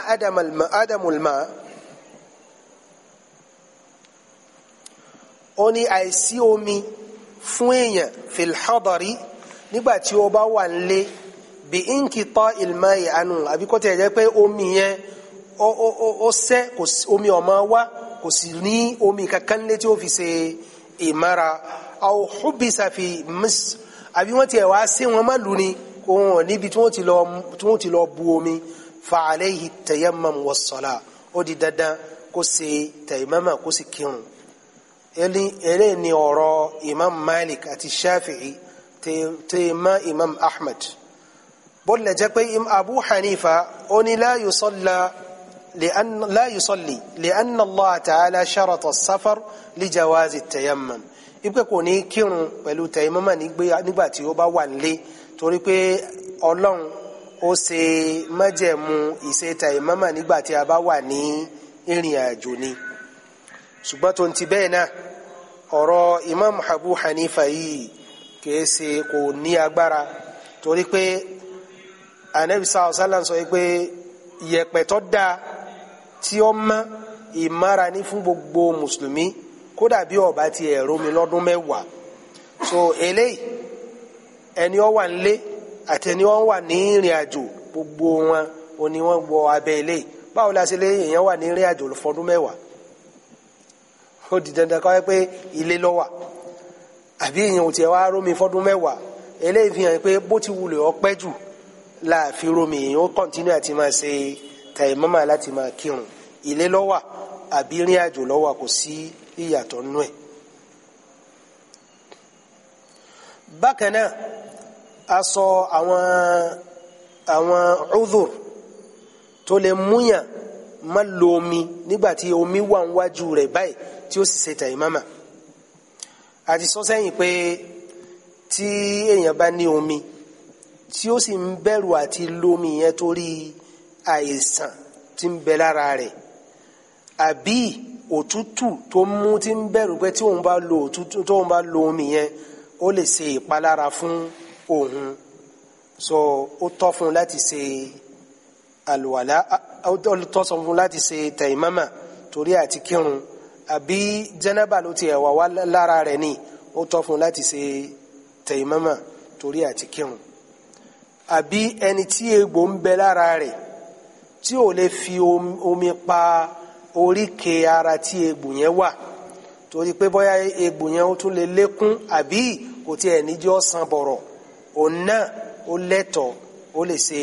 adamulma ó ní àìsí omi fún èèyàn filhadari nígbàtí ó bá wà nílé bí inkitọ ilmọ ìhanu àbí kó tẹ̀ jẹ́ pé omi yẹn ó sẹ́ omi ọmọ wá kò sì ní omi kankan lé tí ó fi ṣe ìmára àwọn hubisa fi Misr àbí wọ́n ti ẹ̀ wá sí wọn má lù ní ohun níbi tí wọ́n ti lọ bu omi fa alayhi tayammam was-sala ó di dandan kó ṣe tayammama kó sì kírun eléyìí ni ọ̀rọ̀ Imam Malik àti Shafi'i tèèmá Imam Ahmad bọ́lẹ̀ jẹ́ pé Abu Hanifa ó ní la yusalla Allah ta'ala sharata safar li jawazi ipe kò ní kírun pẹ̀lú tẹ̀yìmọ́mọ́ nígbà tí ó bá wà nílé torí pé ọlọ́run ó ṣe májẹ̀mú ìṣe tẹ̀yìmọ́mọ́ nígbà tí a bá wà ní ìrìn àjò ni ṣùgbọ́n tó ń ti bẹ́ẹ̀ náà ọ̀rọ̀ Imam Abu Hanifa yìí kìí ṣe kò ní agbára torí pé anabi sallallahu alaihi wasallam sọ pé yẹ̀pẹ̀ tó dáa tí ó mọ́ ìmára fún gbogbo mùsùlùmí kódà bí ọba ti ẹ̀rọ mi lọ́dún mẹ́wàá so eléyìí ẹni ọ wà nílé àti ẹni ọ wà ní ìrìn àjò gbogbo wọn o ni wọn wọ abẹ eléyìí báwo la ṣe lè èèyàn wà ní ìrìn àjò fọdún mẹ́wàá ó di dandan kọ́ pé ilé ló wà àbí èèyàn ò tiẹ̀ wá rómi fọdún mẹ́wàá eléyìí fi hàn pé bó ti wulẹ̀ ọpẹ́ jù láàfin rómi èèyàn ó kọ́ntínú àti máa ṣe tàyẹ̀mọ́mà láti máa kírun ilé ló àbí ìrìn àjò ló kò sí ìyàtọ̀ nú ẹ̀. bákan náà a sọ àwọn àwọn udhur tó lè múyàn má lo omi nígbà tí omi wà níwájú rẹ̀ báyìí tí ó sì ṣe taimama àti sọ sẹ́yìn pé tí èèyàn bá ní omi tí ó sì ń bẹ̀rù àti lómi yẹn torí àìsàn tí ń bẹ lára rẹ̀ àbí òtútù tó mú tí ń bẹ̀rù pé tí òun bá lo òtútù tó òun bá lo omi yẹn ó lè ṣe ìpalára fún òun so ó tọ́ fún láti ṣe àlùwàlá ó tọ́ sọ fún láti ṣe tẹ̀yìmọ́mà torí àti kírun àbí jẹ́nẹ́bà ló ti ẹ̀wà wá lára rẹ̀ ni ó tọ́ fún láti ṣe tẹ̀yìmọ́mà torí àti kírun àbí ẹni tí egbò ń bẹ lára rẹ̀ tí ò lè fi omi pa oríkè ara tí egbò yẹn wà torí pé bóyá egbò yẹn ó tún lè lékún àbí kò tiẹ̀ níjẹ́ ọ̀sán bọ̀rọ̀ òun náà ó lẹ́tọ̀ọ́ ó lè ṣe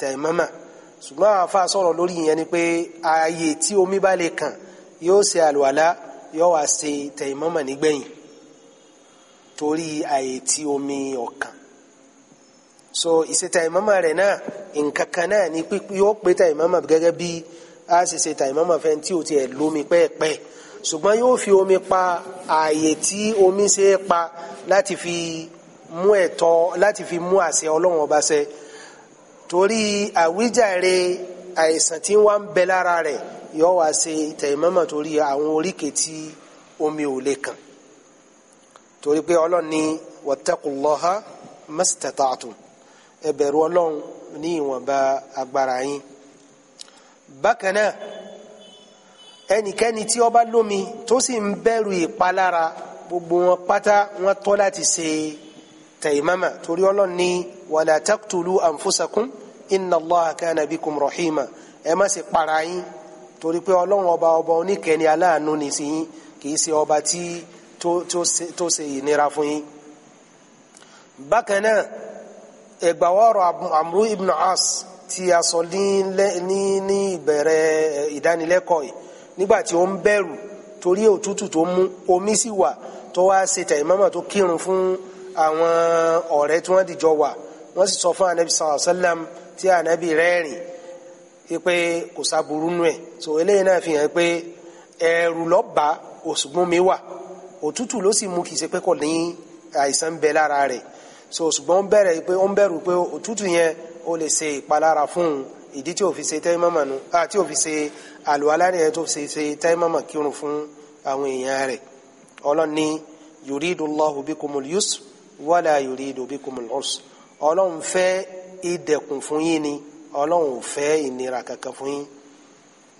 tẹ̀mọ́mà ṣùgbọ́n àwọn sọ̀rọ̀ lórí yẹn ni pé ààyè tí omi bá lè kàn yóò ṣe àlùwàlá yóò wá ṣe tẹ̀mọ́mà nígbẹ̀yìn torí ààyè tí omi ọ̀kàn so ìṣe tẹ̀mọ́mà rẹ̀ náà nǹkan kan náà ni yóò pé tẹ̀mọ́mà gẹ́gẹ́ bíi a sì ṣe tàìmọ́mọ́ fẹ́ tí ò tiẹ̀ lómi pẹ́ẹ́pẹ́ ṣùgbọ́n yóò fi omi pa ààyè tí omi ṣe é pa láti fi mú ẹ̀tọ́ láti fi mú àṣẹ ọlọ́run ọba ṣẹ torí àwíjàre àìsàn tí wọ́n ń bẹ lára rẹ̀ yóò wá ṣe tẹ̀yìmọ́mọ́ torí àwọn oríkèé tí omi ò lè kàn torí pé ọlọ́run ní wattaqullaha mastata'tum ẹ bẹ̀rù ọlọ́run ní ìwọ̀nba agbára yín bákan náà ẹnikẹ́ni tí ó bá lómi tó sì ń bẹ̀rù ìpalára gbogbo wọn pátá wọn tọ́ láti ṣe taimama torí ọlọ́run ní wala taqtulu anfusakum inna allaha kana bikum rahima ẹ má ṣe para yín torí pé ọlọ́run ọba ọba oníkẹ́ni aláàánú ni sí yín kì ṣe ọba tí tó ṣe ìnira fún yín. bákan ẹgbàwọ́rọ̀ Amru ibn As tí a sọ ní ní ìbẹ̀rẹ̀ eh, ìdánilẹ́kọ̀ọ́ yìí nígbà tí ó ń bẹ̀rù torí òtútù tó mú omi sì wà tó wá ṣe tẹ̀yìmọ́mọ́ tó kírun fún àwọn ọ̀rẹ́ tí wọ́n dìjọ wà wọ́n sì sọ fún anabi sallallahu alayhi wa sallam tí anabi rẹ́rìn pé kò sáburú nù ẹ̀ so eléyìí náà fi hàn pé ẹ̀rù lọ́ba òṣùgbọ́n mi wà òtútù ló sì mú kì í ṣe pé kò ní àìsàn bẹ lára rẹ̀ so òṣùgbọ́n ó ń bẹ̀rẹ̀ pé ó ń bẹ̀rù pé òtútù yẹn ó lè ṣe ìpalára fún ìdí tí ò fi ṣe tẹ́mọ́mọ́ nu àti ò fi ṣe àlùwalá nìyẹn tó fi ṣe tẹ́mọ́mọ́ kírun fún àwọn èèyàn rẹ̀ ọlọ́run ní yuridu Allahu bikumul yusr wala yuridu bikumul usr ọlọ́run fẹ́ ìdẹ̀kùn fún yín ni ọlọ́run ò fẹ́ ìnira kankan fún yín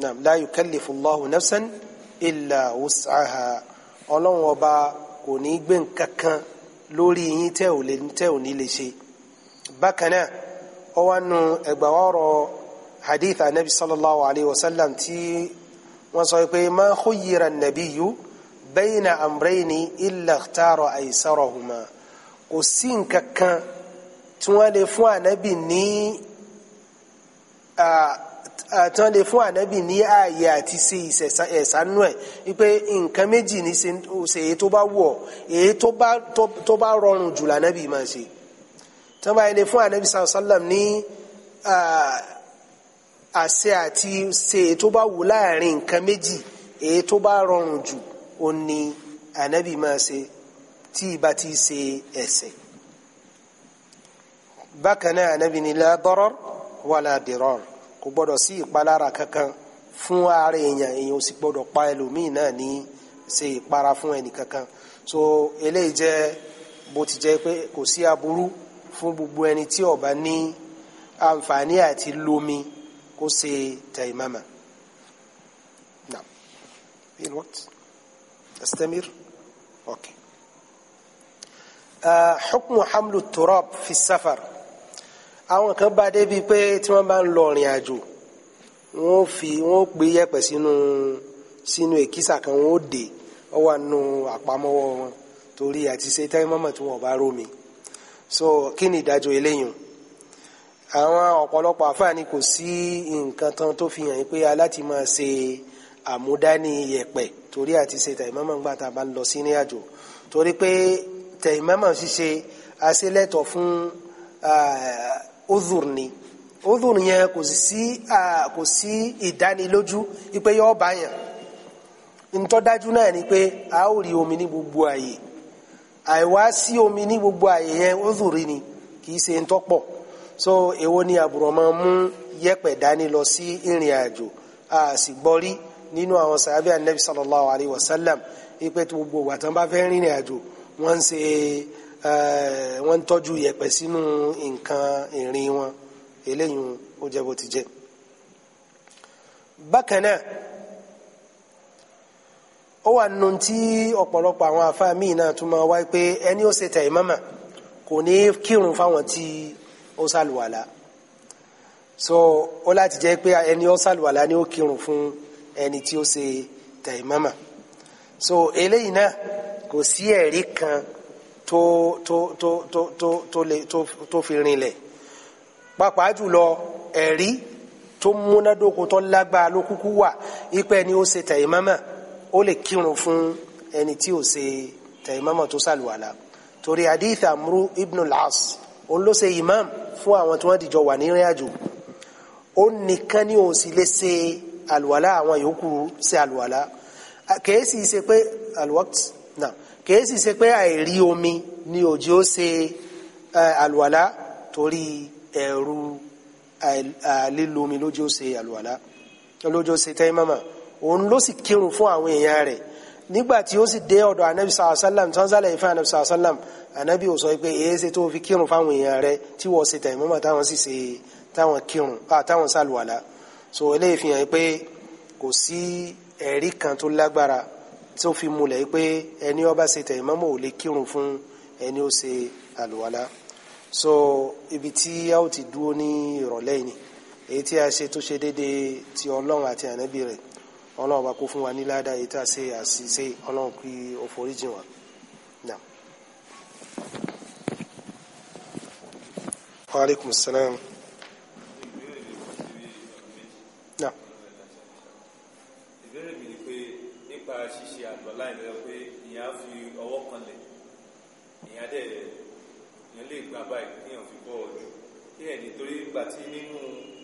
naam la yukallifu Allahu nafsan illa wus'aha ọlọ́run ọba kò ní gbé nǹkan lórí yín tẹ́ ò ní lè ṣe bákan náà ọwọ́nu ẹgbàwọ́rọ̀ hadith anabi sallallahu alayhi wa sallam tí wọ́n sọ pé ma khuyyira an-nabiyyu bayna amrayni illa ikhtara aysarahuma kò sí nǹkan kan tí wọ́n lè fún anabi ní tí wọ́n lè fún anabi ní ààyè àti ṣe ìṣẹ̀sánú ẹ̀ wípé nǹkan méjì ní ṣe èyí tó bá wọ̀ èyí tó bá rọrùn jù lànàbì máa ṣe tán báyìí lè fún ànábì sàlám ní àṣẹ àti ṣe tó bá wù láàrin nǹkan méjì èyí tó bá rọrùn jù ó ní ànábì máa ṣe tí ìbá ti ṣe ẹ̀ṣẹ̀ bákan náà ànábì ní la darar wala dirar kò gbọ́dọ̀ sí ìpalára kankan fún ara èèyàn èèyàn ò sì gbọ́dọ̀ pa ẹlòmíì náà ní ṣe ìpara fún ẹnì kankan so eléyìí jẹ́ bó ti jẹ́ pé kò sí aburú fún gbogbo ẹni tí ó bá ní àǹfààní àti lómi kó ṣe taimama naam fi lwakt astamir okay uh, hukmu hamlu turab fi safar àwọn kan bá débi pé tí wọ́n bá ń lọ rìn àjò wọ́n fi wọ́n gbé yẹ̀pẹ̀ sínú sínú èkísà kan wọ́n ó dè ọ wà nù wọn torí àti ṣe taimama tí wọ́n bá rómi so kí ni ìdájọ́ eléyìn àwọn ọ̀pọ̀lọpọ̀ àfáàní kò sí nǹkan tán tó fi hàn pé aláti máa ṣe àmúdání yẹ̀pẹ̀ torí àti ṣe tẹ̀mọ́mọ́ ńgbà tá a bá ń lọ sí ní àjò torí pé tẹ̀mọ́mọ́ ṣíṣe aṣẹ́lẹ̀tọ̀ fún udhur ni udhur yẹn kò sí kò sí ìdánilójú wípé yọ́ọ́ bá yàn ntọ́dájú náà ni pé a ó rí omi ní gbogbo àyè àìwá sí omi ní gbogbo àyè yẹn ni kì í ṣe ń tọ́pọ̀ so èwo ni àbùrọ̀ máa mú yẹ̀pẹ̀ dání lọ sí ìrìn àjò a sì gbọ́ rí nínú àwọn sàábẹ́ anabi sallallahu alayhi wa sallam ipe tí gbogbo ìgbà tí wọ́n bá fẹ́ rìnrìn àjò wọ́n ń ṣe wọ́n ń tọ́jú yẹ̀pẹ̀ sínú nǹkan ìrìn wọn eléyìí ó jẹ́ bó ti jẹ́ bákan náà ó wà nù tí ọ̀pọ̀lọpọ̀ àwọn àfáà míì náà tún máa wáyé pé ẹni ó ṣe taimama kò ní kírun fáwọn tí ó ṣàlùwàlà so ó láti jẹ́ pé ẹni ó ṣàlùwàlà ni ó kírun fún ẹni tí ó ṣe taimama so eléyìí náà kò sí ẹ̀rí kan tó tó tó tó tó tó lè tó tó fi rinlẹ̀ pàápàá jùlọ ẹ̀rí tó múnádóko tó lágbára ló kúkú wà ipẹ́ ni ó ṣe taimama ó lè kírun fún ẹni tí ò ṣe tẹ̀yìmọ́mọ́ tó sàlùwàlà torí hadith amru ibn al-as òun ló ṣe imam fún àwọn tí wọ́n dìjọ wà nírìn àjò ó nìkan ni òun sì lè ṣe àlùwàlà àwọn yòókù ṣe àlùwàlà kèésì ṣe pé alwakt náà kèésì ṣe pé àìrí omi ni òjì ó ṣe àlùwàlà torí ẹ̀rù lílo omi lójú ó ṣe àlùwàlà lójú ó ṣe tẹ́yìmọ́mọ́ òun ló sì kírun fún àwọn èèyàn rẹ̀ nígbà tí ó sì dé ọ̀dọ̀ anabi sàlá sàlám tí wọ́n sàlẹ̀ ìfẹ́ anabi sàlá sàlám anabi ò sọ pé èyí ṣe tó fi kírun fáwọn èèyàn rẹ̀ tí wọ́n ṣe tẹ̀ mọ́mọ́ táwọn sì ṣe táwọn kírun táwọn sàlùwàlà so eléyìí fi hàn pé kò sí ẹ̀rí kan tó lágbára tí fi múlẹ̀ pé ẹni ó ṣe tẹ̀ mọ́mọ́ ò lè kírun fún ẹni ó ṣe àlùwàlà so ibi tí a ó ti dúró ní ìrọ̀lẹ́ yìí ni èyí tí a ṣe tó ṣe déédéé ti ọlọ́run àti ànábì rẹ̀ ọlọ́run bá kó fún wa ní ládàá yìí tá a ṣe àṣìṣe ọlọ́run kí o foríjìn wa. wa alaikum salaam. nípa ṣíṣe àgbàlá ìlera pé ìyẹn á fi ọwọ́ kan lẹ̀ ìyẹn á dẹ̀ ìyẹn lè gbà báyìí kéèyàn fi bọ́ ọdún kéèyàn nítorí ìgbà tí nínú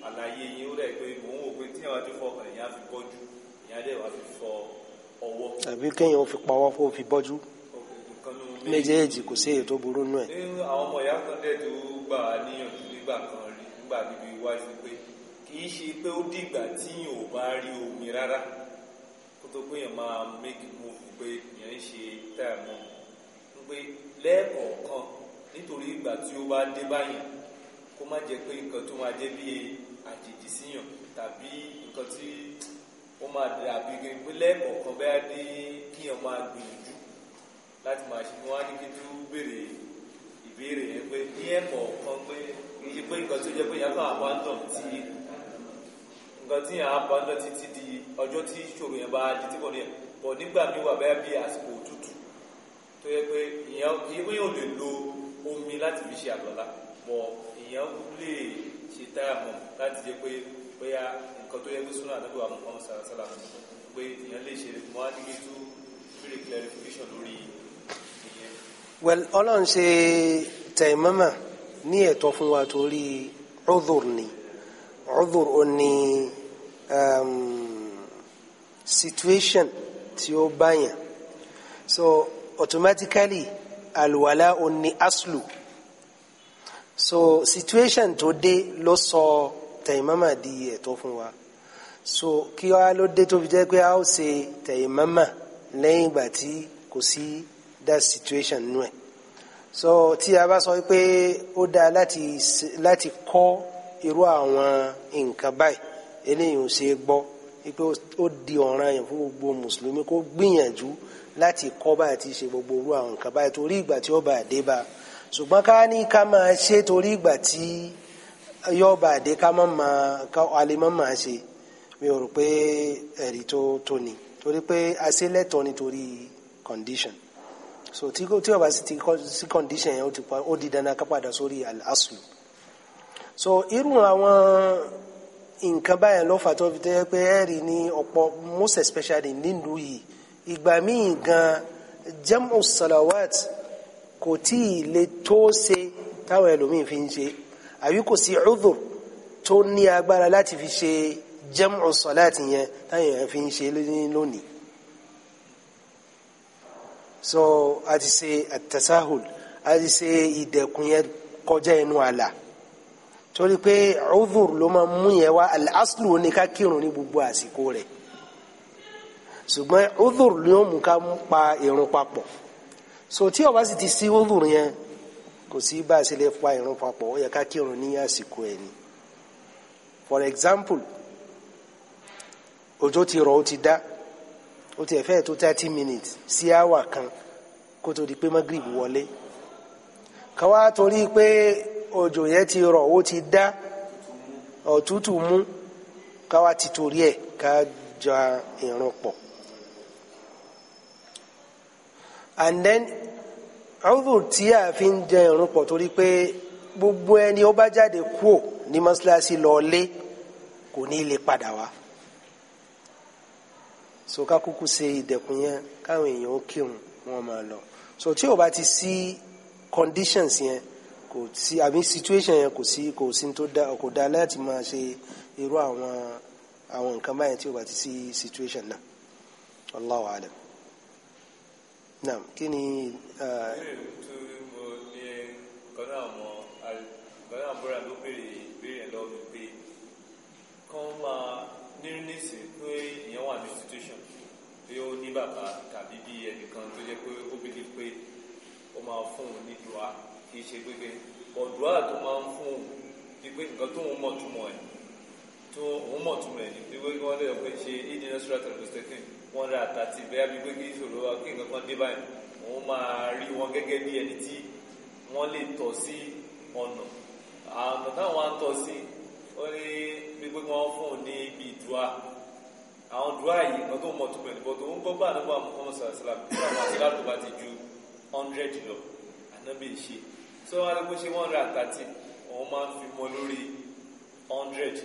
àlàyé yín ó rẹ̀ pé mò ń wò pé tíyàn wájú fọkàn ìyẹn fi bọ́ jù àbí kéèyàn fi pawọ́ kó fi bọ́jú méjèèjì kò sí èyí tó burú nù ẹ̀. nínú àwọn ọmọ ìyá kan dẹ̀ tó gbà á níyànjú nígbà kan rí nígbà bíbí iwájú pé kì í ṣe pé ó dìgbà tí yìnyín ò bá rí omi rárá kó tó pé yẹn máa make move pé yẹn ń ṣe táìmù ń pé lẹ́ẹ̀kọ̀ọ̀kan nítorí ìgbà tí ó bá dé báyìí kó má jẹ́ pé nǹkan tó máa jẹ́ bí àjèjì síyàn tàbí nǹkan tí ó máa dàbí pé lẹ́ẹ̀kọ̀ọ̀kan bẹ́ẹ̀ ní kíyàn máa gbìyànjú láti máa ṣe wọn á ní kí n tún béèrè ìbéèrè yẹn pé ní ẹ̀kọ̀ọ̀kan pé kì í ṣe pé nǹkan tó jẹ́ pé ìyá kan abandon ti nǹkan tí ìyá abandon ti ti di ọjọ́ tí ìṣòro yẹn bá di tí kò ní ẹ̀ bọ̀ nígbà mi wà bẹ́ẹ̀ bí àsìkò òtútù tó yẹ pé ìyẹn kì pé yóò lè lo omi láti fi ṣe àgbàlá bọ̀ ìyẹn lè ṣe táyà mọ́ láti jẹ́ pé bóyá nǹkan tó yẹ pé súnà àdúgbò àmúkan sàrásàlà pé èèyàn lè ṣe mọ́ tó bèrè clarification lórí ìyẹn. well ọlọ́run ṣe taimama ní ẹ̀tọ́ fún wa torí udhur ni udhur ò ní um, situation tí ó báyàn so automatically alwala ò ní aslu so situation tó dé ló sọ taimama di ẹ̀tọ́ fún wa so kí wá ló dé tó fi jẹ́ pé a ó ṣe tẹ̀yìmọ́mà lẹ́yìn ìgbà tí kò sí that situation nù ẹ̀ so tí a bá sọ pé ó dáa láti láti kọ́ irú àwọn nǹkan báyìí eléyìí ò ṣe gbọ́ pé ó di ọ̀ràn yẹn fún gbogbo mùsùlùmí kó gbìyànjú láti kọ́ bá àti ṣe gbogbo irú àwọn nǹkan báyìí torí ìgbà tí ó bá dé ṣùgbọ́n ká ní ká máa ṣe torí ìgbà tí yóò bá ká má máa ká alẹ́ má máa ṣe mi ò rò pé ẹ̀rí tó tó ni torí pé aṣẹ́lẹ̀tọ́ nítorí condition so tí kò tí o bá sí sí condition yẹn o ti pa ó di dandan ká padà sórí al-aslu so irú àwọn nǹkan báyẹn ló fà tó fi tẹ́ pé ẹ̀rí ní ọ̀pọ̀ most especially nílùú yìí ìgbà míì gan jam'u salawat kò tí ì lè tó ṣe táwọn ẹlòmíì fi ń ṣe àbí kò sí udhur tó ní agbára láti fi ṣe jam'u salati yẹn táyà yẹn fi ń ṣe lónìí so a ti ṣe at-tasahul a ti ṣe ìdẹ̀kùn yẹn kọjá inú àlà torí pé udhur ló máa mú yẹn wá al ní ká ní gbogbo àsìkò rẹ̀ ṣùgbọ́n udhur ló mú ká pa irun papọ̀ so tí ó bá sì ti sí udhur yẹn kò sí bá a ṣe lè pa irun papọ̀ ó yẹ ká ní àsìkò ẹ̀ ni for example Ojo ti rọ̀ ó ti dá ó ti ẹ̀fẹ́ tó thirty minutes si awa kan kó tó di pé magrib wọlé káwá torí pé òjò yẹn ti rọ̀ o ti dá òtútù mú káwá ti torí ẹ̀ ká ja ìran pọ̀ and then ọdún tí a fi ń jẹ ìrun pọ̀ torí pé gbogbo ẹni ó bá jáde kúò ní mọ́ṣáláṣí lọ lé kò ní lè padà wá so ká kúkú ṣe ìdẹ̀kùn yẹn káwọn èèyàn ó kírun wọn máa lọ so tí ò bá ti sí conditions yẹn kò sí àbí situation yẹn kò sí kò sí tó da kò da láti máa ṣe irú àwọn àwọn nǹkan báyẹn tí ò bá ti sí situation náà Allahu alam naam kí ni. Uh, kọ́nà nínú nísìn pé ìyẹn wà ní institution pé ó ní bàbá tàbí bí ẹnìkan tó jẹ́ pé ó bí pé ó máa fún òun ní dùá kì í ṣe pépé ọ̀dùá tó máa ń fún òun bí pé nǹkan tó ń mọ̀ túmọ̀ ẹ̀ tó òun mọ̀ túmọ̀ ẹ̀ ní pé wọ́n lè pé ṣe ìdí natural thermostat wọ́n ra àtàtì bẹ́ẹ̀ bí pé kí ìṣòro wa kí nǹkan kan dé báyìí òun máa rí wọn gẹ́gẹ́ bí ẹni tí wọ́n lè tọ́ sí ọ̀nà àmọ́ táwọn á tọ́ sí ó ní gbígbé wọn fún un ní ibi ìdúrà àwọn dúrà yìí kan tó mọ̀ tó pẹ̀lú bọ́ tó ń gbọ́ gbà nígbà Muhammad sallallahu alaihi wasallam àti láti bá ti ju hundred lọ ànábì ṣe tó wá ní bó ṣe one hundred and thirty òun máa ń fi mọ lórí hundred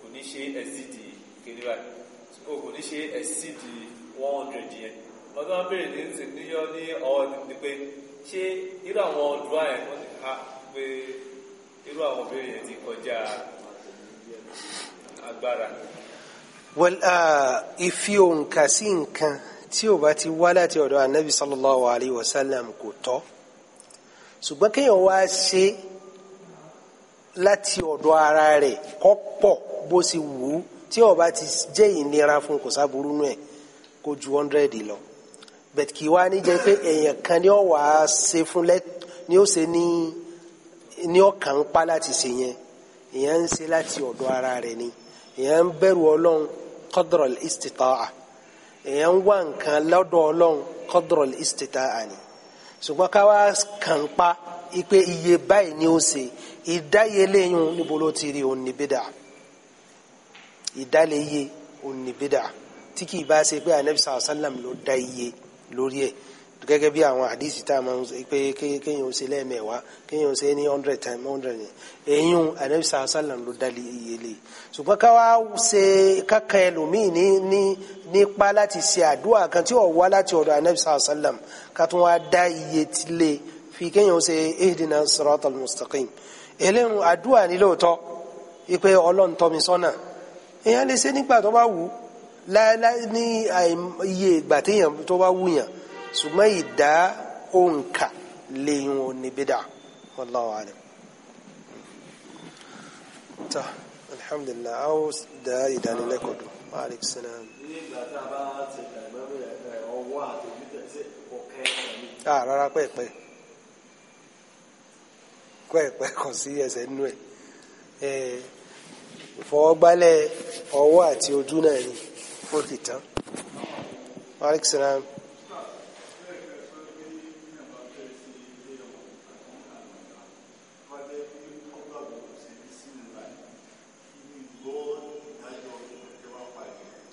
kò ní ṣe exceed kéde báyìí o kò ní ṣe exceed one hundred yẹn ọdún wa bèrè ní ṣe ní yọ ní ọwọ́ ní pé ṣé irú àwọn dúrà yẹn wọ́n ti ká pé irú àwọn bèrè yẹn ti kọjá well uh, ìfi òǹkà sí nǹkan tí ò bá ti wá láti ọ̀dọ̀ anabi sallallahu alayhi wa sallam kò tọ́ ṣùgbọ́n kéèyàn wá ṣe láti ọ̀dọ̀ ara rẹ̀ kọ́ pọ̀ bó ṣe wù ú tí ó bá ti jẹ́ ìnira fún kò sáburú nù ẹ̀ kó ju hundred lọ bẹ̀t kì í wá ní jẹ́ pé èèyàn kan ni ó wàá ṣe fún lẹ́tọ̀ ni ó ṣe ní ọkàn ń pa láti ṣe yẹn èèyàn ń ṣe láti ọ̀dọ̀ ara rẹ̀ ni èèyàn ń bẹ̀rù ọlọ́run qadral istita'a èèyàn ń wá nǹkan lọ́dọ̀ ọlọ́run qadral istita'a ni ṣùgbọ́n ká wá kàn pa ipe iye báyìí ni ó ṣe ìdáyelẹ́yìn níbo ló ti rí òun ní bídà ìdálẹ́yẹ òun ní bídà tí kì í bá ṣe pé anabi sàlám ló dá iye lórí ẹ̀ gẹ́gẹ́ bí àwọn àdìsí tá a máa ń sọ pé kéèyàn ó ṣe lẹ́ẹ̀mẹ́wàá kéèyàn ó ṣe ní hundred times hundred yẹn èyún anabisa asalam ló dalí iyele ṣùgbọ́n ká wá ṣe kákan ẹlòmíì ní ní nípa láti ṣe àdúrà kan tí ó wá láti ọ̀dọ̀ anabisa asalam ká tún wá dá iye tilé fi kéèyàn ó ṣe ehdina siratal mustaqim eléyìí àdúrà ní lóòótọ́ ipe ọlọ́run tọ́ sọ́nà èèyàn lè ṣe nígbà tó bá wù láéláé ní iye ìgbà téèyàn tó bá wù ṣùgbọ́n ìdá òǹkà lẹ́yìn ò ní bídà wallahu alam. ta alhamdulillah a ó dá ìdánilẹ́kọ̀ọ́ dùn maaleykum salaam. a rárá pẹ́ẹ́pẹ́ pẹ́ẹ́pẹ́ kàn sí ẹsẹ̀ nínú ẹ̀ ìfọwọ́gbálẹ̀ ọwọ́ àti ojú náà ni ó ti tán. maaleykum salaam.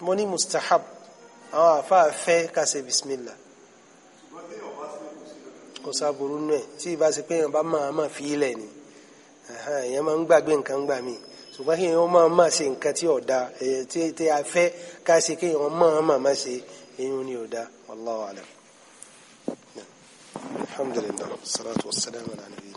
mo ní mustahab àwọn àfáà fẹ́ ká ṣe bisimilá kò sáburú nù ẹ tí ìbá ṣe pé èèyàn bá máa máa fi ilẹ̀ ni èèyàn máa ń gbàgbé nǹkan gbà mí ṣùgbọ́n kí èèyàn máa máa ṣe nǹkan tí ọ̀dà tí a fẹ́ ká ṣe kí èèyàn máa máa máa ṣe èèyàn ni ọ̀dà wallahu alam alhamdulillah salatu wassalamu ala nabiyyi